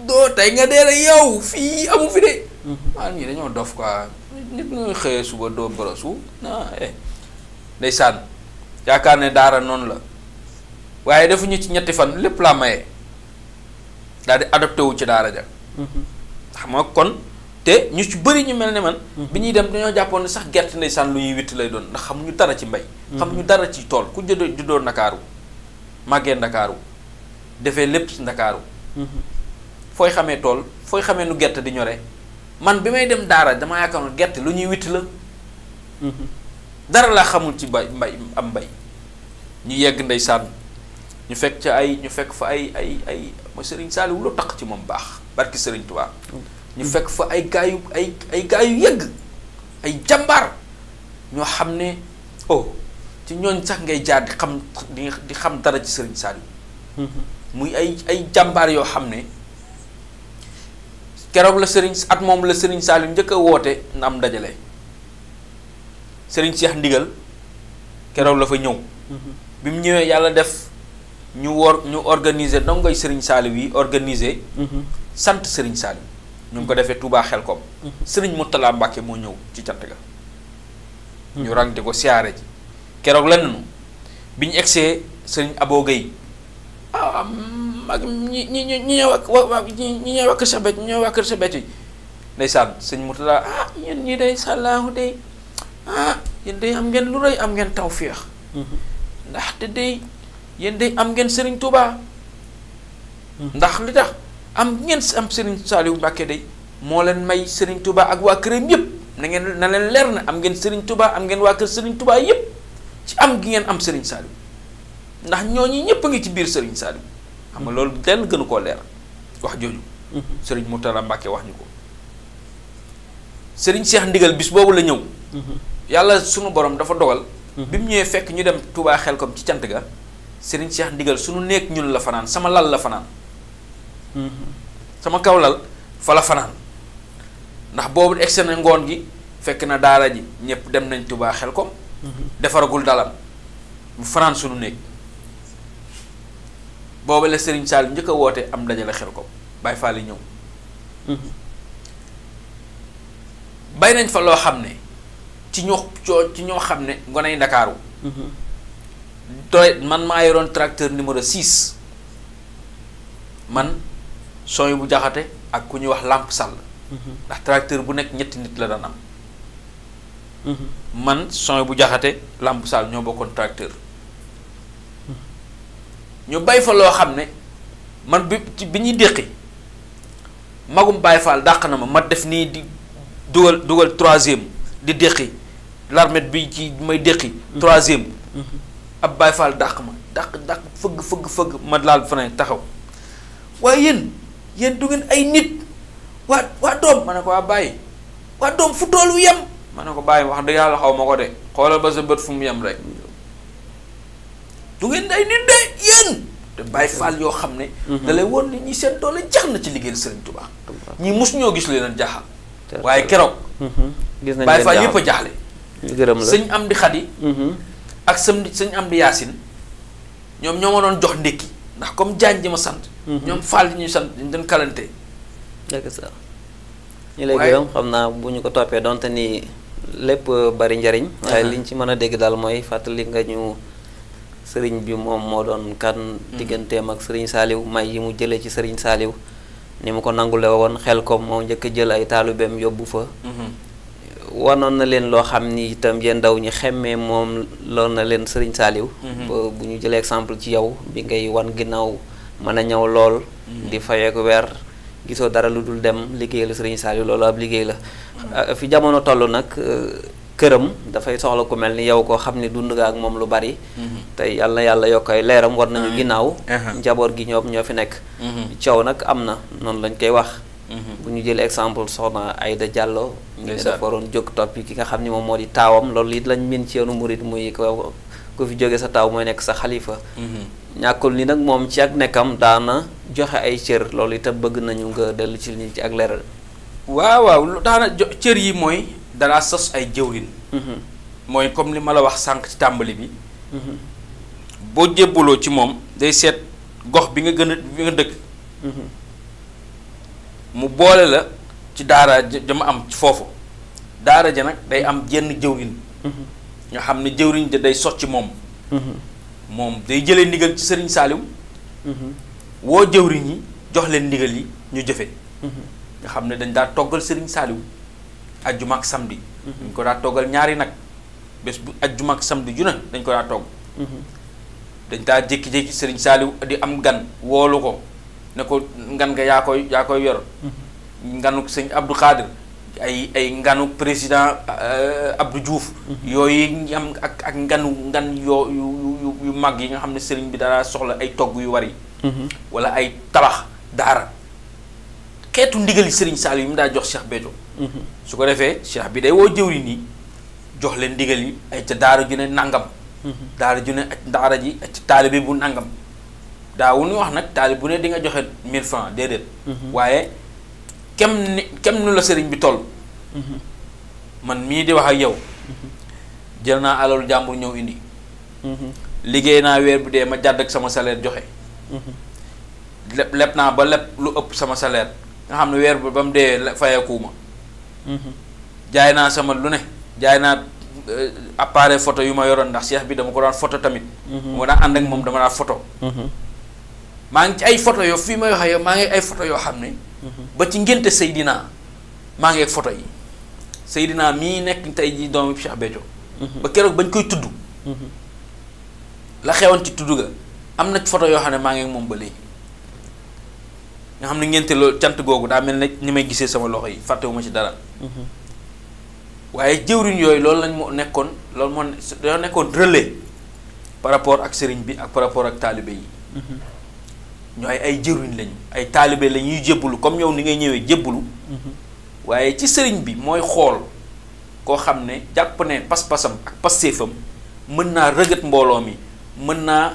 doo tey nga dee rek yow fii amu fi de. maanaam ah, ñii dañoo dof quoi nit ñuy xëyee suba doo borosu ah eh ndeysaan yaakaar ne daara noonu la waaye defuñu ci ñetti fan lépp laa maye daal di wu ci daara ja mhm. xam nga kon te ñu ci bëri ñu mel ne man. Mhm. bi ñuy dem dañoo jàppoon sax gerte ndeysaan lu ñuy witt lay doon ndax xamuñu dara ci mbay. Mhm. ñu dara ci tool ku juddoo juddoo Ndakaaru màggee Ndakaaru. defee lépp ci ndakaaru mhm. fooy xamee tool fooy xamee nu gerte di ñore man bi may dem daara damaa yaakaaroon gerte lu ñuy witt la mhm. dara laa xamul ci bay mbay am mbay ñu yegg ndey ndeysaan ñu fekk ca ay ñu fekk fa ay ay ay ma sëriñ Saaliw lu tax ci moom baax barki sëriñ Tuubaa ñu fekk fa ay gaayu ay ay gaayu yëgg ay jàmbaar ñoo xam ne oh ci ñooñ sax ngay jaar di xam di xam dara ci sëriñ Saaliw mhm. muy ay ay jàmbaar yoo xam ne keroog la sëriñ at moom la sëriñ Saliou njëkk a woote na am dajale sëriñ Cheikh Ndigal keroog la fa ñëw mhm. bi mu ñëwee yàlla def ñu wor ñu organiser yi sëriñ Saliou yi organiser mhm. sant sëriñ Saliou ñu ngi ko defee Touba Xelkom mhm. sëriñ Moutala Mbacke moo ñëw ci cant ga ñu rang di ko siyaare ji keroog la nanu bi ñu egsee sëriñ aboo Gueye ah ak ñi ñi ñi ñi ñëw ak wa ñi ñi ñëw ak sa bet ñi ñëw ak sa bet yi sëñ Mourtada ah yéen ñi day sàllaahu day ah day am ngeen lu rëy am ngeen tawféex mm-hmm. ndaxte day yéen day am ngeen sëriñ Touba. Mm-hmm. ndax li tax am ngeen am sëriñ Saliou Mbacke day moo leen may sëriñ tubaa ak waa këram yëpp na ngeen na leen leer na am ngeen sëriñ tubaa am ngeen waa kër sëriñ Touba yëpp ci am gi ngeen am sëriñ Saliou. ndax ñooñu ñëpp a ngi ci biir Serigne Saliou xam nga loolu lenn gënu koo leer wax jooju. Mhm. Serigne Moutala Mbacke wax ñu ko. sëriñ seex Ndigal bis boobu la ñëw. Mhm. yàlla sunu borom dafa dogal. Mhm. bi mu ñëwee fekk ñu dem tubaa xel Xelkom ci cant ga. Serigne Cheikh Ndigal sunu néeg ñun la fanaan sama lal la fanaan. sama kaw lal fa la fanaan ndax boobu egsi na ngoon gi fekk na daala ji ñëpp dem nañ xel Xelkom. defaragul dalam mu fanaan sunu nekk. booba la saal Sall njëkk a woote am dajale xel ko Baye Fall yi ñëw mhm. bay nañ fa loo xam ne ci ñoo ci ñoo xam ne ngonay ndakaaru mhm. doy man maa yoroon tracteur numéro 6 man sooy bu jaxate ak ku ñuy wax làmp sàll mhm. ndax tracteur bu nekk ñetti nit la daan am man sooy bu jaxate làmp sàll ñoo bokkoon tracteur ñu bay fa loo xam ne man bi ci bi ñuy déqi magum bay Fall dàq na ma ma def nii dugal dugal troisième di déqi larmet bi ci may déqi troisième mhm. ab Baye Fall dàq ma dàq dàq fëgg fëgg fëgg ma laal feneen taxaw waaye yéen yéen du ngeen ay nit waa waa doom ma ne ko waa bàyyi waa doom fu toolu yem ma ne ko bàyyi wax dëgg yàlla xaw ma ko de xoolal ba sa bët fu mu yem rek du ngeen ay nit de yéen te bàyyi faal yoo xam ne mhm. da lay woon ni ñi seen doole jeex na ci liggéeyal Sëriñ Tuubaa ñi mos ñoo gis leen jaaxal waaye keroog mhm. bàyyi faal yëpp a jaaxle gërëm la sëñ Amdi Xadi mhm. ak sëñ sëñ Amdi ñoom ñoo ma jox ndékki ndax comme jaan ji sant ñoom faal yi ñuy sant dañ doon kalante ñu lay gërëm xam naa bu ñu ko toppee donte ni lépp bari njariñ waaye liñ ci mën a dégg daal mooy fàttali nga ñu sëriñ bi moom moo doon kan mm-hmm. digganteem ak sëriñ saaliw may yi mu jëlee ci sëriñ saaliw ni mu ko nangule woon xel ko moo njëkk jël ay taalubeem yóbbu fa mm-hmm. wanoon na leen loo xam ni itam yéen ndaw ñi xemmee moom loon na leen sëriñ saaliw mm-hmm. bu ñu jëlee exemple ci yow bi ngay wan ginnaaw mën a ñaw lool di fayeek weer gisoo dara lu dul dem liggéey la sëriñ saaliw loolu ab liggéey la fi jamono toll nag këram dafay soxla ko mel ni yow koo xam ni dund nga ak moom lu bari. Mhm. te yàlla yàlla yokkoy leeram war nañu ginnaaw. Uh-huh. njaboot gi ñoom ñoo fi nekk. Mhm. coow nag am na noonu lañ koy wax. Mhm. bu ñu jëlee exemple soxna Aïda Diallo. ñu sa waroon jóg topp ki nga xam ni moom moo di taawam loolu it lañ min ci yoonu murit muy ko ku fi jóge sa taaw mooy nekk sa xalifa. ñàkkul ni nag moom ci ak nekkam daana joxe ay cër loolu te bëgg nañu nga dellu ci li ci ak leeral. waaw danaa sos ay jëwrin mm-hmm. mooy comme li ma la wax sànq ci tàmbali bi mm-hmm. boo jébbaloo ci moom day seet gox bi nga gën a bi nga dëkk mm-hmm. mu boole la ci daara jama am foofu daara ja nag day am jenn jëwrin nga xam ne jëwriñ ja day socc moom moom day jële ndigal ci sëriñ Saaliw woo jëwriñ yi jox leen ndigal yi ñu jëfe nga xam ne dañ daal toggal sëriñ Saaliw ajjuma ak samedi. Mhm. dañ ko daa toggal ñaari nag bés bu ajjuma ak samedi ju ne dañ ko daa togg. Mhm. dañ daa jékki-jékki sëriñ Saliou di am gan woolu ko ne ko ngan nga yaa koy yaa koy yor. Mhm. nganuk sëñ Abdou Khadir ay ay nganu président euh, Abdou Diouf. yooyu am ak ak nganu ngan yoo yu yu yu mag yi nga xam ne sëriñ bi dara soxla ay togg yu war yi. wala ay tabax daara xeetu ndigali sëriñ Saliou yi mu daa jox Cheikh Béthio. su ko defee cheikh bi day woo jëwriñ yi nii jox leen ndigal yi ay ca daara ju ne nangam. daara ju ne ak daara ji ak ci taalibe bu nangam daawuñu wax nag taalibe bu ne di nga joxe 1000 francs déedéet. Mhm. waaye kem ni kem nu la sëriñ bi toll. Mhm. man mii di wax ak yow. Mhm. jël naa alalu jàmbur ñëw indi. liggéey naa weer bu dee ma jàdd ak sama salaire joxe. leb leb naa ba leb lu ëpp sama salaire nga xam ne weer bi ba mu dee fayeekuuma jaay naa sama lu ne jaay naa euh, appareil photo yu ma yoroon ndax seex bi dama ko daan photo tamit. moo mhm. daan ànd ak moom dama daan photo. Mhm. maa ngi ci ay photo yoo fii may waxee maa ngi ay photo yoo xam ne. Mhm. ba ci ngénte Seydina maa ngi photo yi Seydina mii nekk tey jii doomu Cheikh Béthio. ba keroog bañ koy tudd. la xewoon ci tudd ga am na photo yoo xam ne maa ngi ak moom ba léegi. nga xam ne ñeenteelu cant googu daa mel ne ni may gisee sama loxo yi fàttewuma ci dara. Mhm. waaye jëwriñ yooyu loolu lañ moo nekkoon loolu moo nekkoon relais par rapport ak sëriñ bi ak par rapport ak taalibe yi. Mhm. ñooy ay jëwriñ lañu ay taalibe la ñuy jébbalu comme yow ni ngay ñëwee jébbalu. Mhm. waaye ci sëriñ bi mooy xool koo xam ne jàpp ne pas-pasam ak passeefam mën naa rëgët mbooloo mi mën naa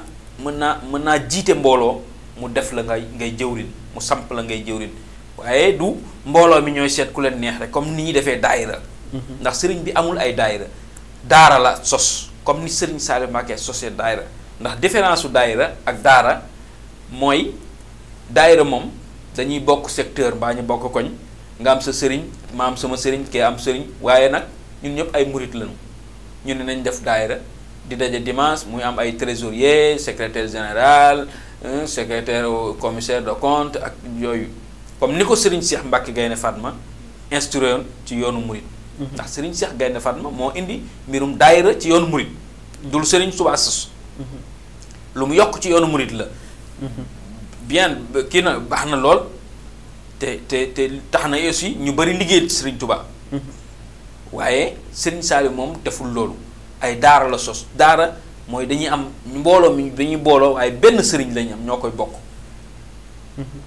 mën naa mën naa jiite mbooloo. mu def la ngay ngay jëwrin mu samp la ngay jëwrin waaye du mbooloo mi ñooy seet ku leen neex rek comme ni ñuy defee daayira mhm. ndax sëriñ bi amul ay daayra daara la sos comme ni sëriñ Saliou Mbacké sosee daayira ndax différence su daayira ak daara mooy daayira moom dañuy bokk secteur mbaa ñu bokk koñ nga am sa sëriñ ma am sama sëriñ kee am sëriñ waaye nag ñun ñëpp ay murit lañu ñu ne nañ def daayra di daje dimanche muy am ay trésorier secretaire général secrétaire au commissaire de compte ak yooyu comme ni ko Serigne seex Mbacke Gaynde Fatma instauré woon ci yoonu Mouride. Mhm. ndax Serigne Cheikh Gaynde Fatma moo indi mbirum daayira ci yoonu Mouride. Mhm. dul Serigne Touba sos mhm. lu mu yokk ci yoonu Mouride la. bien kii na baax na lool te te te tax na aussi ñu bari liggéey ci Serigne Touba. waaye sëriñ Saliou moom deful loolu ay daara la sos daara. mooy dañuy am mbooloo mi dañuy booloo waaye benn sëriñ lañu am ñoo koy bokk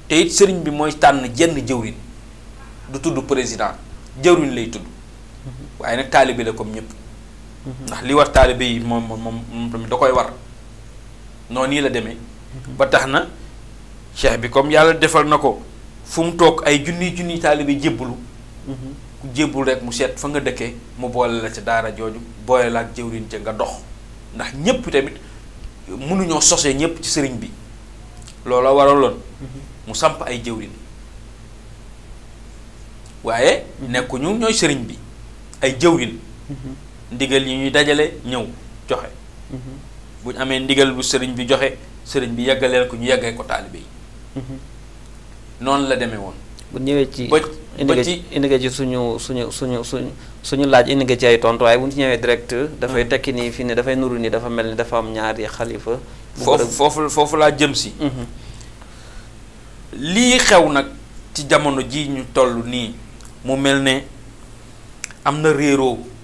te sëriñ bi mooy tànn jenn jëwrin du tudd président jëwrin lay tudd waaye nag taalibe la comme ñëpp ndax li war taalibe yi moom moom tamit da koy war noonu nii la demee ba tax na cheikh bi comme yàlla defal na ko fu mu toog ay junni junniy taalibe jébbalu ku jébbul rek mu seet fa nga dëkkee mu boole la ca daara jooju boole la ak jëwrin ca nga dox ndax ñëpp tamit mënuñoo sosee ñëpp ci sëriñ bi looloo waraloon mu samp ay jëwin waaye nekkuñu ñooy sëriñ bi ay jëwriñ ndigal yi ñuy dajale ñëw joxe bu ñu amee ndigal bu sëriñ bi joxe sëriñ bi yàggaleel ko ñu yàggee ko taalibe yi noonu la demee woon bu ñëwee ci indi nga ci suñu suñu suñu suñu suñu laaj indi nga ci ay tontu waaye bu ñu ci ñëwee direct. dafay mm-hmm. tekki nii fii ne dafay nuru ni dafa mel ni dafa am ñaari xalifa. foofu foofu laa jëm si. Mm-hmm. lii xew nag ci jamono ji ñu toll nii mu mel ne am na réeroo.